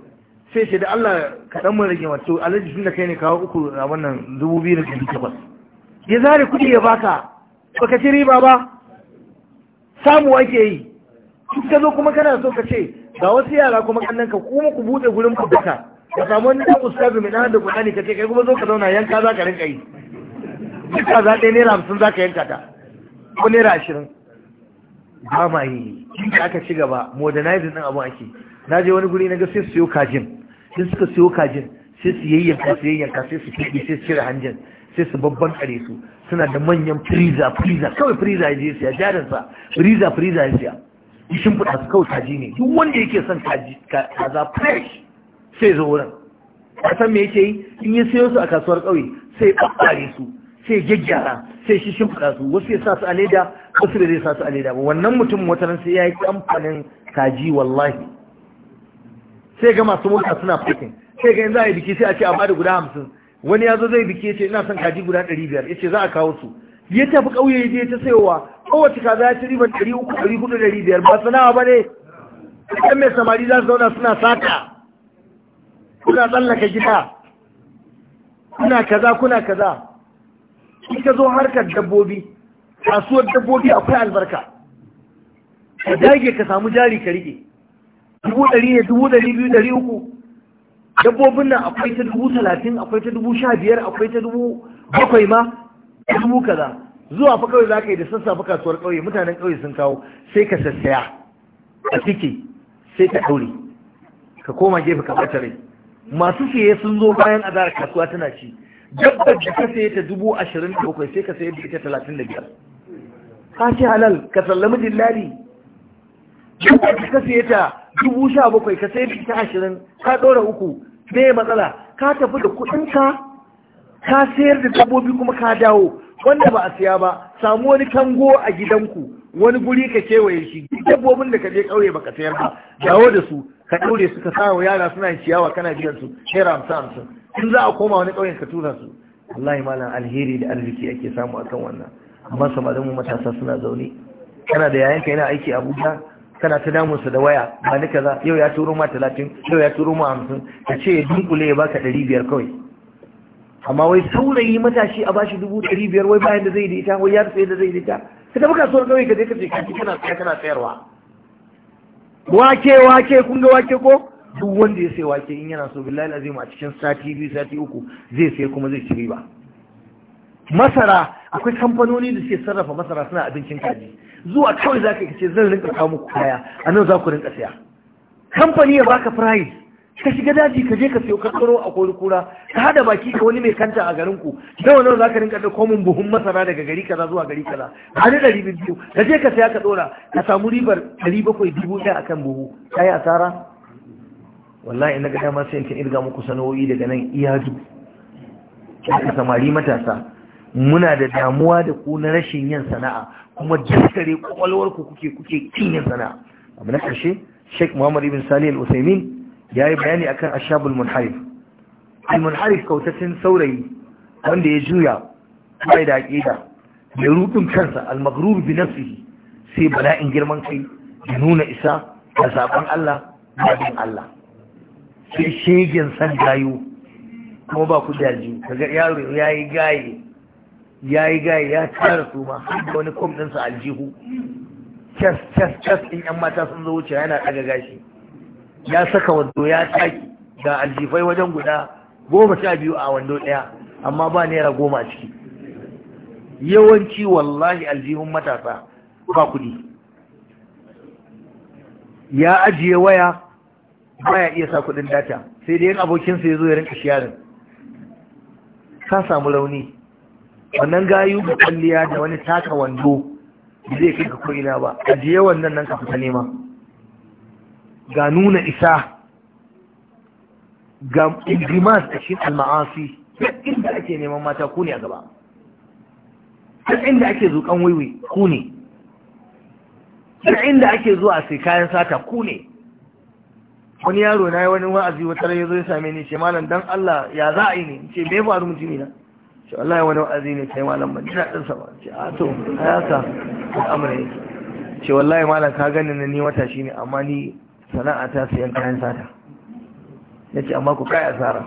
sai ce da Allah ka ɗan mun rage wato alhaji tun da kai ne kawo uku a wannan dubu biyu da ɗari takwas ya zare kuɗi ya baka baka ci riba ba samu ake yi in ka zo kuma kana so ka ce ga wasu yara kuma kannan ka kuma ku bude gurin ku duka ka samu wani ɗan ustazu mai ɗan da kuɗani ka ce kai kuma zo ka zauna yanka za ka rinka yi duka za ɗaya naira hamsin za ka yanka ta ko naira ashirin ba ma yi da aka ci gaba modernizing ɗin abu ake na je wani guri na ga sai su siyo kajin sai suka siyo kajin sai su yayyanka su yayyanka sai su kiɗi sai su cire hanjin sai su babban kare su suna da manyan friza-friza kawai friza ya je siya jarinsa friza-friza ya siya shin fuda su kawai kaji ne duk wanda yake son kaza fresh sai zo wurin kasan me yake yi in ya sayo su a kasuwar kauye sai ɓaɓɓare su sai gyaggyara sai shi shin fuda su wasu ya sa su a leda wasu da zai sa su a leda ba wannan mutum wataran sai ya yi kamfanin kaji wallahi sai ga masu mota suna fitin sai ga yanzu a yi biki sai a ce a bada guda hamsin wani ya zo zai biki ya ce ina son kaji guda ɗari biyar ya ce za a kawo su ya tafi ƙauye ya je ta sayowa kowace kaza ya ci riban ɗari uku ɗari huɗu ɗari biyar ba nawa ba ne ɗan mai samari za su zauna suna sata kuna tsallaka gida kuna kaza kuna kaza in ka zo harkar dabbobi kasuwar dabbobi akwai albarka ka dage ka samu jari ka riƙe dubu ɗari ne dubu ɗari biyu ɗari uku dabbobin nan akwai ta dubu talatin akwai ta dubu sha biyar akwai ta dubu bakwai ma dubu kaza zuwa fa kawai za ka yi da sassafe kasuwar ƙauye mutanen ƙauye sun kawo sai ka sassaya a ciki sai ka ɗaure ka koma gefe ka ɓata rai masu siye sun zo bayan azara kasuwa tana ci dabbar da ka saye ta dubu ashirin da bakwai sai ka saye da ita talatin da biyar ka ce halal ka sallami dillali duk da ka ta dubu sha bakwai ka sai ta ashirin ka ɗora uku me matsala ka tafi da kuɗinka ka sayar da dabbobi kuma ka dawo wanda ba a siya ba samu wani kango a gidanku wani guri ka kewaye shi dabbobin da ka je ƙauye baka sayar ba dawo da su ka ɗaure su ka sa yara suna ciyawa kana biyan su naira hamsin hamsin in za a koma wani ƙauyen ka tura su wallahi malam alheri da arziki ake samu akan wannan amma samarin mu matasa suna zaune kana da yayanka yana aiki a abuja kana ta damunsa da waya ba ni kaza yau ya turo ma talatin yau ya turo ma hamsin ka ce ya dunkule ya baka ɗari biyar kawai amma wai saurayi matashi a bashi dubu ɗari biyar wai bayan da zai da ita wai ya rufe da zai da ita ka tafi kasuwar kawai ka je ka je ka ci kana tsaya kana tsayarwa wake wake kun ga wake ko duk wanda ya sai wake in yana so billahi azim a cikin sati biyu sati uku zai sai kuma zai ci riba masara akwai kamfanoni da suke sarrafa masara suna abincin kaji zuwa kawai za ka ce zan rinka kawo muku kaya a nan za ku rinka saya kamfani ya baka price ka shiga daji ka je ka siyo kankaro a kori kura ka hada baki ka wani mai kanta a garin ku nawa za ka rinka da komin buhun masara daga gari kaza zuwa gari kaza a da ɗari biyu ka je ka saya ka ɗora ka samu ribar ɗari bakwai dubu ɗaya akan buhu ka yi asara wallahi na ga dama sai in irga muku sana'o'i daga nan ju ka samari matasa muna da damuwa da ku na rashin yin sana'a kuma jaskare ku kuke kuke cinye sana abu na karshe sheikh muhammad ibn salih al-usaimin ya yi bayani akan ashabul munharif al-munharif kautaccen saurayi wanda ya juya bai da aƙida da rudin kansa al-maghrur bi nafsihi sai bala'in girman kai da nuna isa da sabon Allah da bin Allah sai shegen san gayu kuma ba ku daji kaga yaro yayi gaye ya yi gaya ya tara su ma har da wani kom ɗinsa aljihu cas cas cas ɗin yan mata sun zo wuce yana daga gashi ya saka wando ya taki ga aljifai wajen guda goma sha biyu a wando ɗaya amma ba naira goma a ciki yawanci wallahi aljihun matasa ba kuɗi ya ajiye waya ya iya sa kuɗin data sai dai yin abokinsa ya zo ya rinka shiyarin ka samu rauni wannan gayu ga kwalliya da wani taka wando zai kai ka ko'ina ba je wannan nan ka fita nema ga nuna isa ga ingrimas da shi alma'asi duk inda ake neman mata ku ne a gaba duk inda ake zukan waiwai ku ne duk inda ake zuwa sai kayan sata ku ne wani yaro na yi wani wa'azi wata rayu zai same ni ce malam dan Allah ya za a yi ne ce me faru mutumi na ce wallahi wani wa'azi ne kai malam ban jira din sa ba ce a ah, to haka da amre ce wallahi malam ka gani ni wata shine amma ni sana'a ta sayan kayan sata Yace amma ku kai asara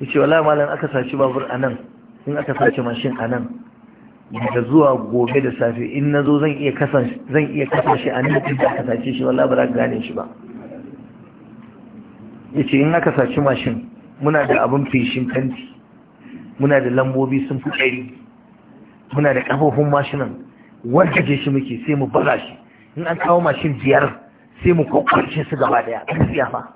yace wallahi malam aka saci babur anan in aka saci mashin anan da zuwa gobe da safe in nazo zan iya kasan zan iya kasan shi a nan da aka sace shi wallahi ba za ka gane shi ba yace in aka saci mashin muna da abin fishin kanti muna da lambobi sun fi ɗari muna da ƙafofin mashinan warkace shi muke sai mu baza shi in an kawo mashin biyar sai mu kwakwarce su gaba daya gaskiya siyafa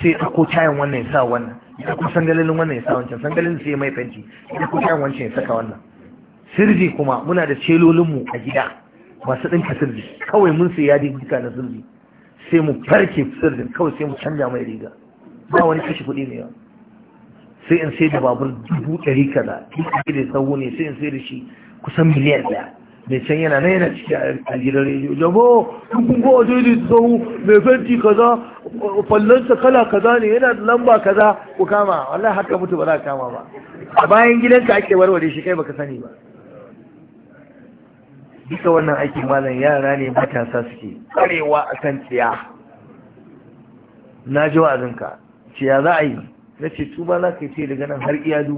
sai ya ko tayin wannan ya sa wannan ya ko sangalilin wannan ya sa wancan sangalilin sai ya mai fenti ya ko tayin wancan ya saka wannan sirri kuma muna da celolin mu a gida masu ɗinka sirri kawai mun sai ya duka na sirri sai mu farke sirjin kawai sai mu canja mai riga ba wani kashe kuɗi ne yawa sai in sai da babur dubu ɗari kaza in da sahu ne sai in sai da shi kusan miliyan ɗaya mai can yana na yana ciki a gidan rediyo jabo kuma ko waje da sahu mai fenti kaza fallonsa kala kaza ne yana da lamba kaza ku kama wallah haka mutu ba za ka kama ba a bayan gidanka ake warware shi kai baka sani ba duka wannan aikin malam yara ne matasa suke karewa akan tsiya na ji wa'azinka Ciya za a yi na ce tuba za ka yi ce daga nan har iyadu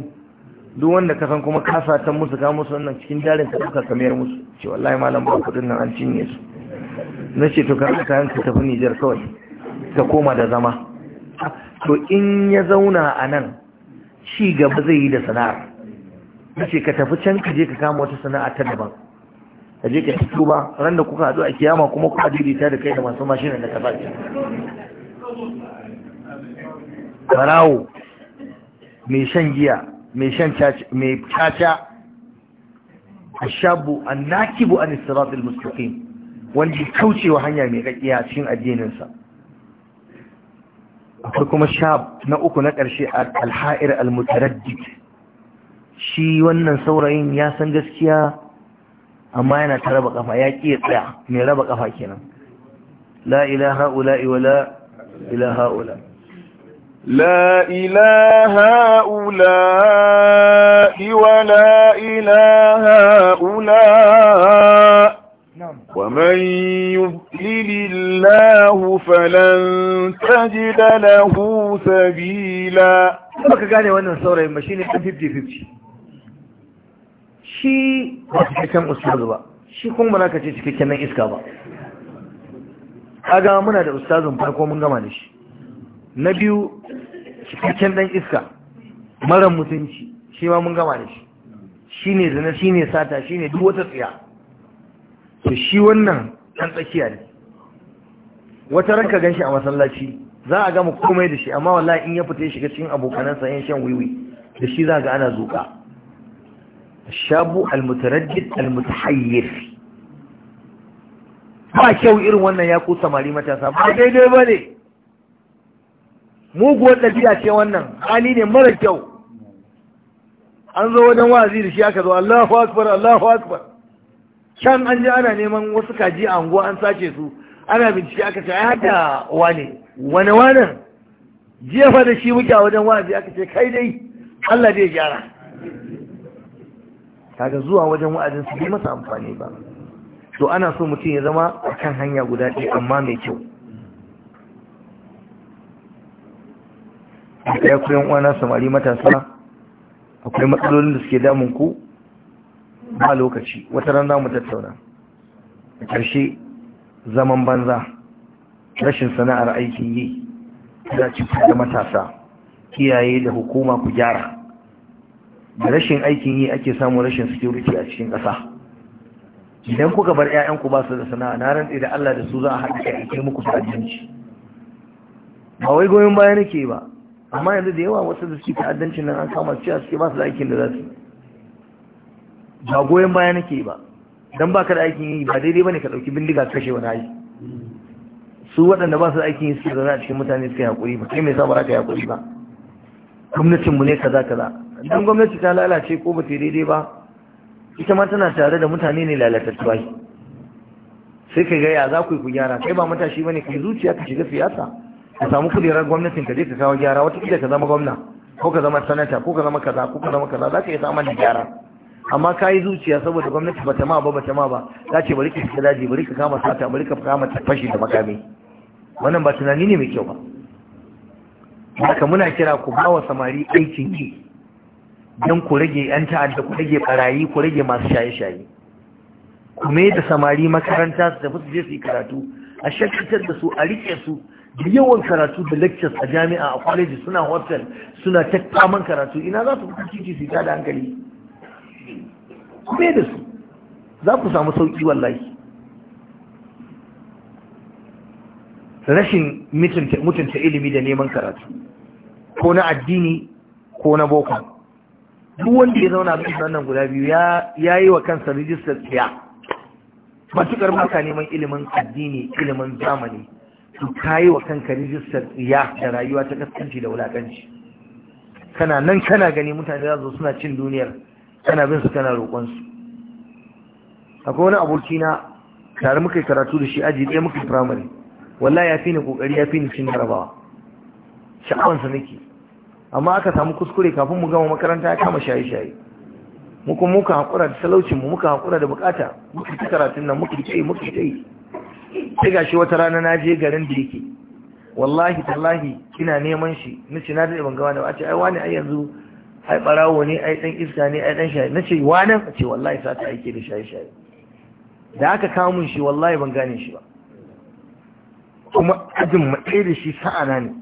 duk wanda ka san kuma kasa ta musu ka musu wannan cikin jarin ka duka kamar musu ce wallahi malam ba kudin nan an cinye su na ce to ka ka tafi Nijar kawai ka koma da zama to in ya zauna a nan ci gaba zai yi da sana'ar na ce ka tafi can ka je ka kama wata sana'a ta daban ka je ka yi tuba ran da kuka haɗu a kiyama kuma kuka didata da kai da masu mashinan da ka ba barawo mai shan giya mai shan caca ashabu annakibu an siratul mustaqim wanda kaucewa hanya mai kakiya cikin addininsa akwai kuma shab na uku na ƙarshe alha'ir almutaraddid shi wannan saurayin ya san gaskiya amma yana ta raba kafa ya ƙi tsaya mai raba kafa kenan la ilaha ula'i wala ilaha ula'i لا إله هؤلاء ولا إله هؤلاء ومن يضلل الله فلن تجد له سبيلا baka gane wannan saurayin ba shine 50-50 shi ba cikakken ustazu ba shi kuma ba za ka ce cikakken nan iska ba kaga muna da ustazun farko mun gama da shi na biyu cikakken dan iska mara mutunci shi ma mun gama da shi shi ne zina shi ne sata shi ne duk wata tsiya shi wannan ɗan tsakiya ne wata ranka gan shi a masallaci za a gama komai da shi amma wallahi in ya fita ya shiga cikin abokanansa yan shan wiwi da shi za ga ana zuka shabu almutaraddid almutahayyir ba kyau irin wannan ya ku samari matasa ba daidai ba ne muguwar ɗabi'a ce wannan hali ne mara kyau an zo wajen wazi da shi aka zo Allahu akbar Allahu akbar can an ji ana neman wasu kaji a unguwa an sace su ana bincike aka ce ai hada wane wane wane jefa da shi muke a wajen wazi aka ce kai dai Allah zai gyara kaga zuwa wajen wa'azin su bi masa amfani ba to ana so mutum ya zama akan hanya guda ɗaya amma mai kyau Akwai ya kuyan uwana samari matasa akwai matsalolin da suke damun ku ba lokaci wata ran mu tattauna a ƙarshe zaman banza rashin sana'ar aikin yi za ci da matasa kiyaye da hukuma ku gyara da rashin aikin yi ake samun rashin security a cikin ƙasa idan kuka bar 'ya'yanku ba su da sana'a na rantsi da Allah da su za a haɗa kai muku fa'adinci ba wai goyon baya nake ba amma yanzu da yawa wasu da suke ta'addancin nan an kama cewa suke ba su da aikin da za su ba goyon baya nake ba Don ba ka da aikin yi ba daidai ba ne ka dauki bindiga kashe wani aiki su waɗanda ba su da aikin yi suke zaune a cikin mutane suke hakuri ba kai mai sa ba za ka hakuri ba gwamnatin mu ne kaza kaza dan gwamnati ta lalace ko ba ta daidai ba ita ma tana tare da mutane ne lalatattuwa sai ka ga ya za ku yi ku gyara kai ba matashi ba ne kai zuciya ka shiga siyasa ka samu kudirar gwamnatin ka je ka kawo gyara wata kudi ka zama gwamna ko ka zama sanata ko ka zama kaza ko ka zama kaza za ka iya samun gyara amma ka yi zuciya saboda gwamnati ba ta ma ba ba ta ma ba za ce bari ka shiga daji bari ka kama sata bari ka kama fashi da makami wannan ba tunani ne mai kyau ba haka muna kira ku ba wa samari aikin yi don ku rage 'yan ta'adda ku rage barayi ku rage masu shaye-shaye ku mai da samari makaranta su tafi su je su yi karatu a shakkatar da su a rike su da yawan karatu da lectures a jami'a a kwaleji suna hotel suna ta kaman karatu ina za su fita su ta da hankali kuma da su za ku samu sauki wallahi rashin mutunta ilimi da neman karatu ko na addini ko na boko duk wanda ya zauna bin wannan guda biyu ya yi wa kansa rijistar tsaya matukar ka neman ilimin addini ilimin zamani ka kayi wa kanka rijistar tsiya da rayuwa ta kaskanci da wulakanci kana nan kana gani mutane za su suna cin duniyar kana bin su kana roƙonsu. akwai wani aboki na tare muka karatu da shi aji ɗaya muka firamare. Walla ya fi ni ƙoƙari ya fi ni cin jarabawa Sha'awansa nake amma aka samu kuskure kafin mu gama makaranta ya kama shaye-shaye mu kuma muka hakura da salaucinmu, muka hakura da buƙata, muka ci karatun nan muka ci muka ci sai gashi wata rana na je garin da yake wallahi tallahi kina neman shi nace na daɗe ban ga wani a ce ai wani ai yanzu ai barawo ne ai dan iska ne ai dan shaye nace wani ce wallahi sa ta aike da shaye shaye da aka kamun shi wallahi ban gane shi ba kuma ajin matsayi da shi sa'ana ne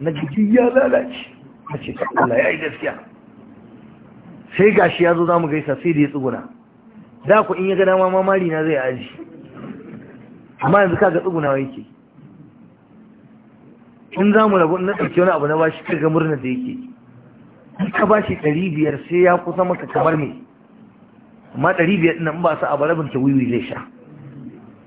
na jiki ya lalace nace Allah ya yi gaskiya sai gashi ya zo za mu gaisa sai da ya tsuguna da ku in ya gana mamari na zai aji amma yanzu kaga tsugunawa yake in za mu rabu na ɗauki wani abu na bashi kaga murna da yake ka bashi ɗari biyar sai ya kusa maka kamar mai amma ɗari biyar ɗin ba su abu rabin ta wiwi zai sha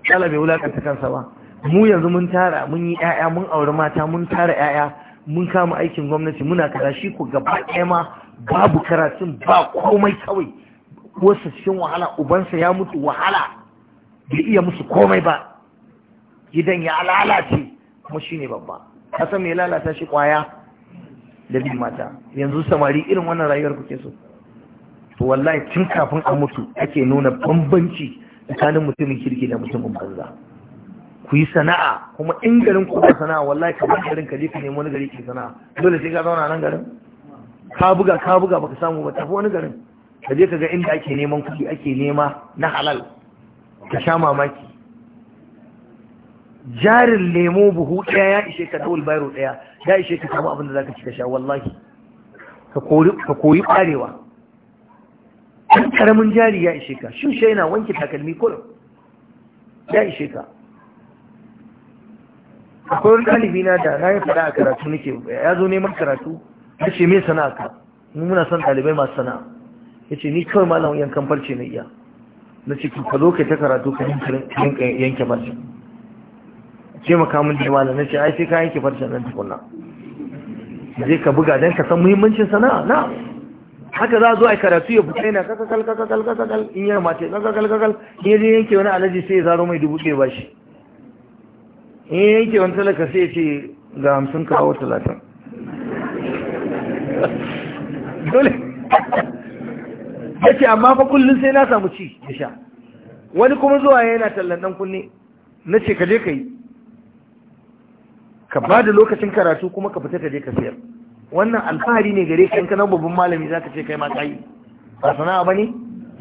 kala bai wulakanta kansa ba mu yanzu mun tara mun yi ƴaƴa mun auri mata mun tara ƴaƴa mun kama aikin gwamnati muna kaza shi ko gaba ɗaya ma babu karatun ba komai kawai wasu cikin wahala ubansa ya mutu wahala bai iya musu komai ba gidan ya lalace kuma shi ne babba kasan mai lalata shi kwaya da bin mata yanzu samari irin wannan rayuwar kuke so to wallahi tun kafin a mutu ake nuna bambanci tsakanin mutumin kirki da mutumin banza ku yi sana'a kuma in garin ku ba sana'a wallahi ka bar garin ka je ka nemi wani gari ke sana'a dole sai ka zauna nan garin ka buga ka buga baka samu ba tafi wani garin ka je ka ga inda ake neman kuɗi ake nema na halal ka sha mamaki jarin lemo buhu ɗaya ya ishe ka dawul bayro ɗaya ya ishe ka samu abin da za ka ci ka sha wallahi ka koyi ƙarewa ɗan ƙaramin jari ya ishe ka shi shai na wanke takalmi kullum ya ishe ka akwai ɗalibi na da na yi faɗa a karatu nake ya zo neman karatu ya ce me sana'a ka muna son ɗalibai masu sana'a ya ce ni kawai malam yankan farce na iya na ce ka zo ka ta karatu ka yanke farce ce makamun da na ce ai sai ka yanke farcen nan tukunna zai ka buga dan ka san muhimmancin sana'a na haka za a zo a karatu ya buka yana kakakal kakakal kakakal in yana mace kakakal kakakal in ya je yanke wani alaji sai ya zaro mai dubu ɗaya bashi in ya yanke wani talaka sai ya ce ga hamsin kawo talatin dole ya ce amma fa kullum sai na samu ci da sha wani kuma zuwa yana tallan ɗan kunne na ce ka je ka yi ka ba da lokacin karatu kuma ka fita ka je ka sayar wannan alfahari ne gare ka in kana babban malami zaka ce kai ma kai ba sana'a bane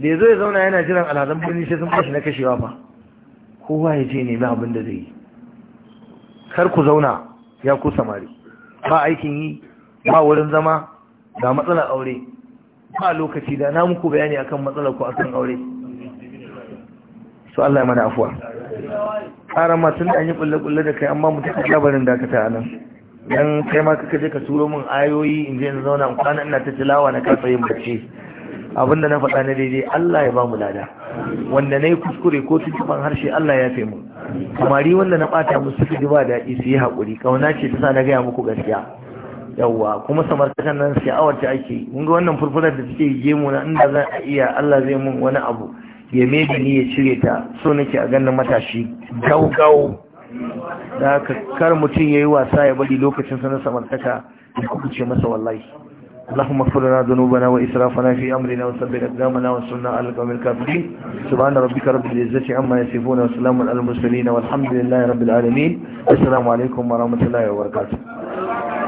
da ya zo ya zauna yana jiran alhazan birni sai sun fashi na kashewa ba. kowa ya je nemi abin da zai yi kar ku zauna ya ku samari ba aikin yi ba wurin zama ga matsalar aure ba lokaci da na muku bayani akan matsalar ku akan aure su Allah ya mana afuwa ƙara ma tun da an yi ƙulle-ƙulle da kai amma mutum ya barin dakata a nan dan kai ma kaka je ka turo min ayoyi in je in zauna in kwana ina ta tilawa na kafa yin bacci abinda na faɗa na daidai Allah ya ba mu lada wanda na yi kuskure ko tuntuban harshe Allah ya fi mu kamari wanda na ɓata musu suka ji ba daɗi su yi haƙuri kauna ce ta sa na gaya muku gaskiya yawwa kuma samar kan nan sha'awar ta ake mun ga wannan furfurar da take gemu na inda za a iya Allah zai mun wani abu ya mebe ni ya cire ta so nake a ganin matashi gaugau da haka kar mutum ya yi wasa ya bari lokacin sanar samartaka da kubuce masa wallahi اللهم اغفر لنا ذنوبنا وإسرافنا في أمرنا وثبت أقدامنا وانصرنا على القوم الكافرين سبحان ربك رب العزة عما يصفون وسلام على المرسلين والحمد لله رب العالمين السلام عليكم ورحمة الله وبركاته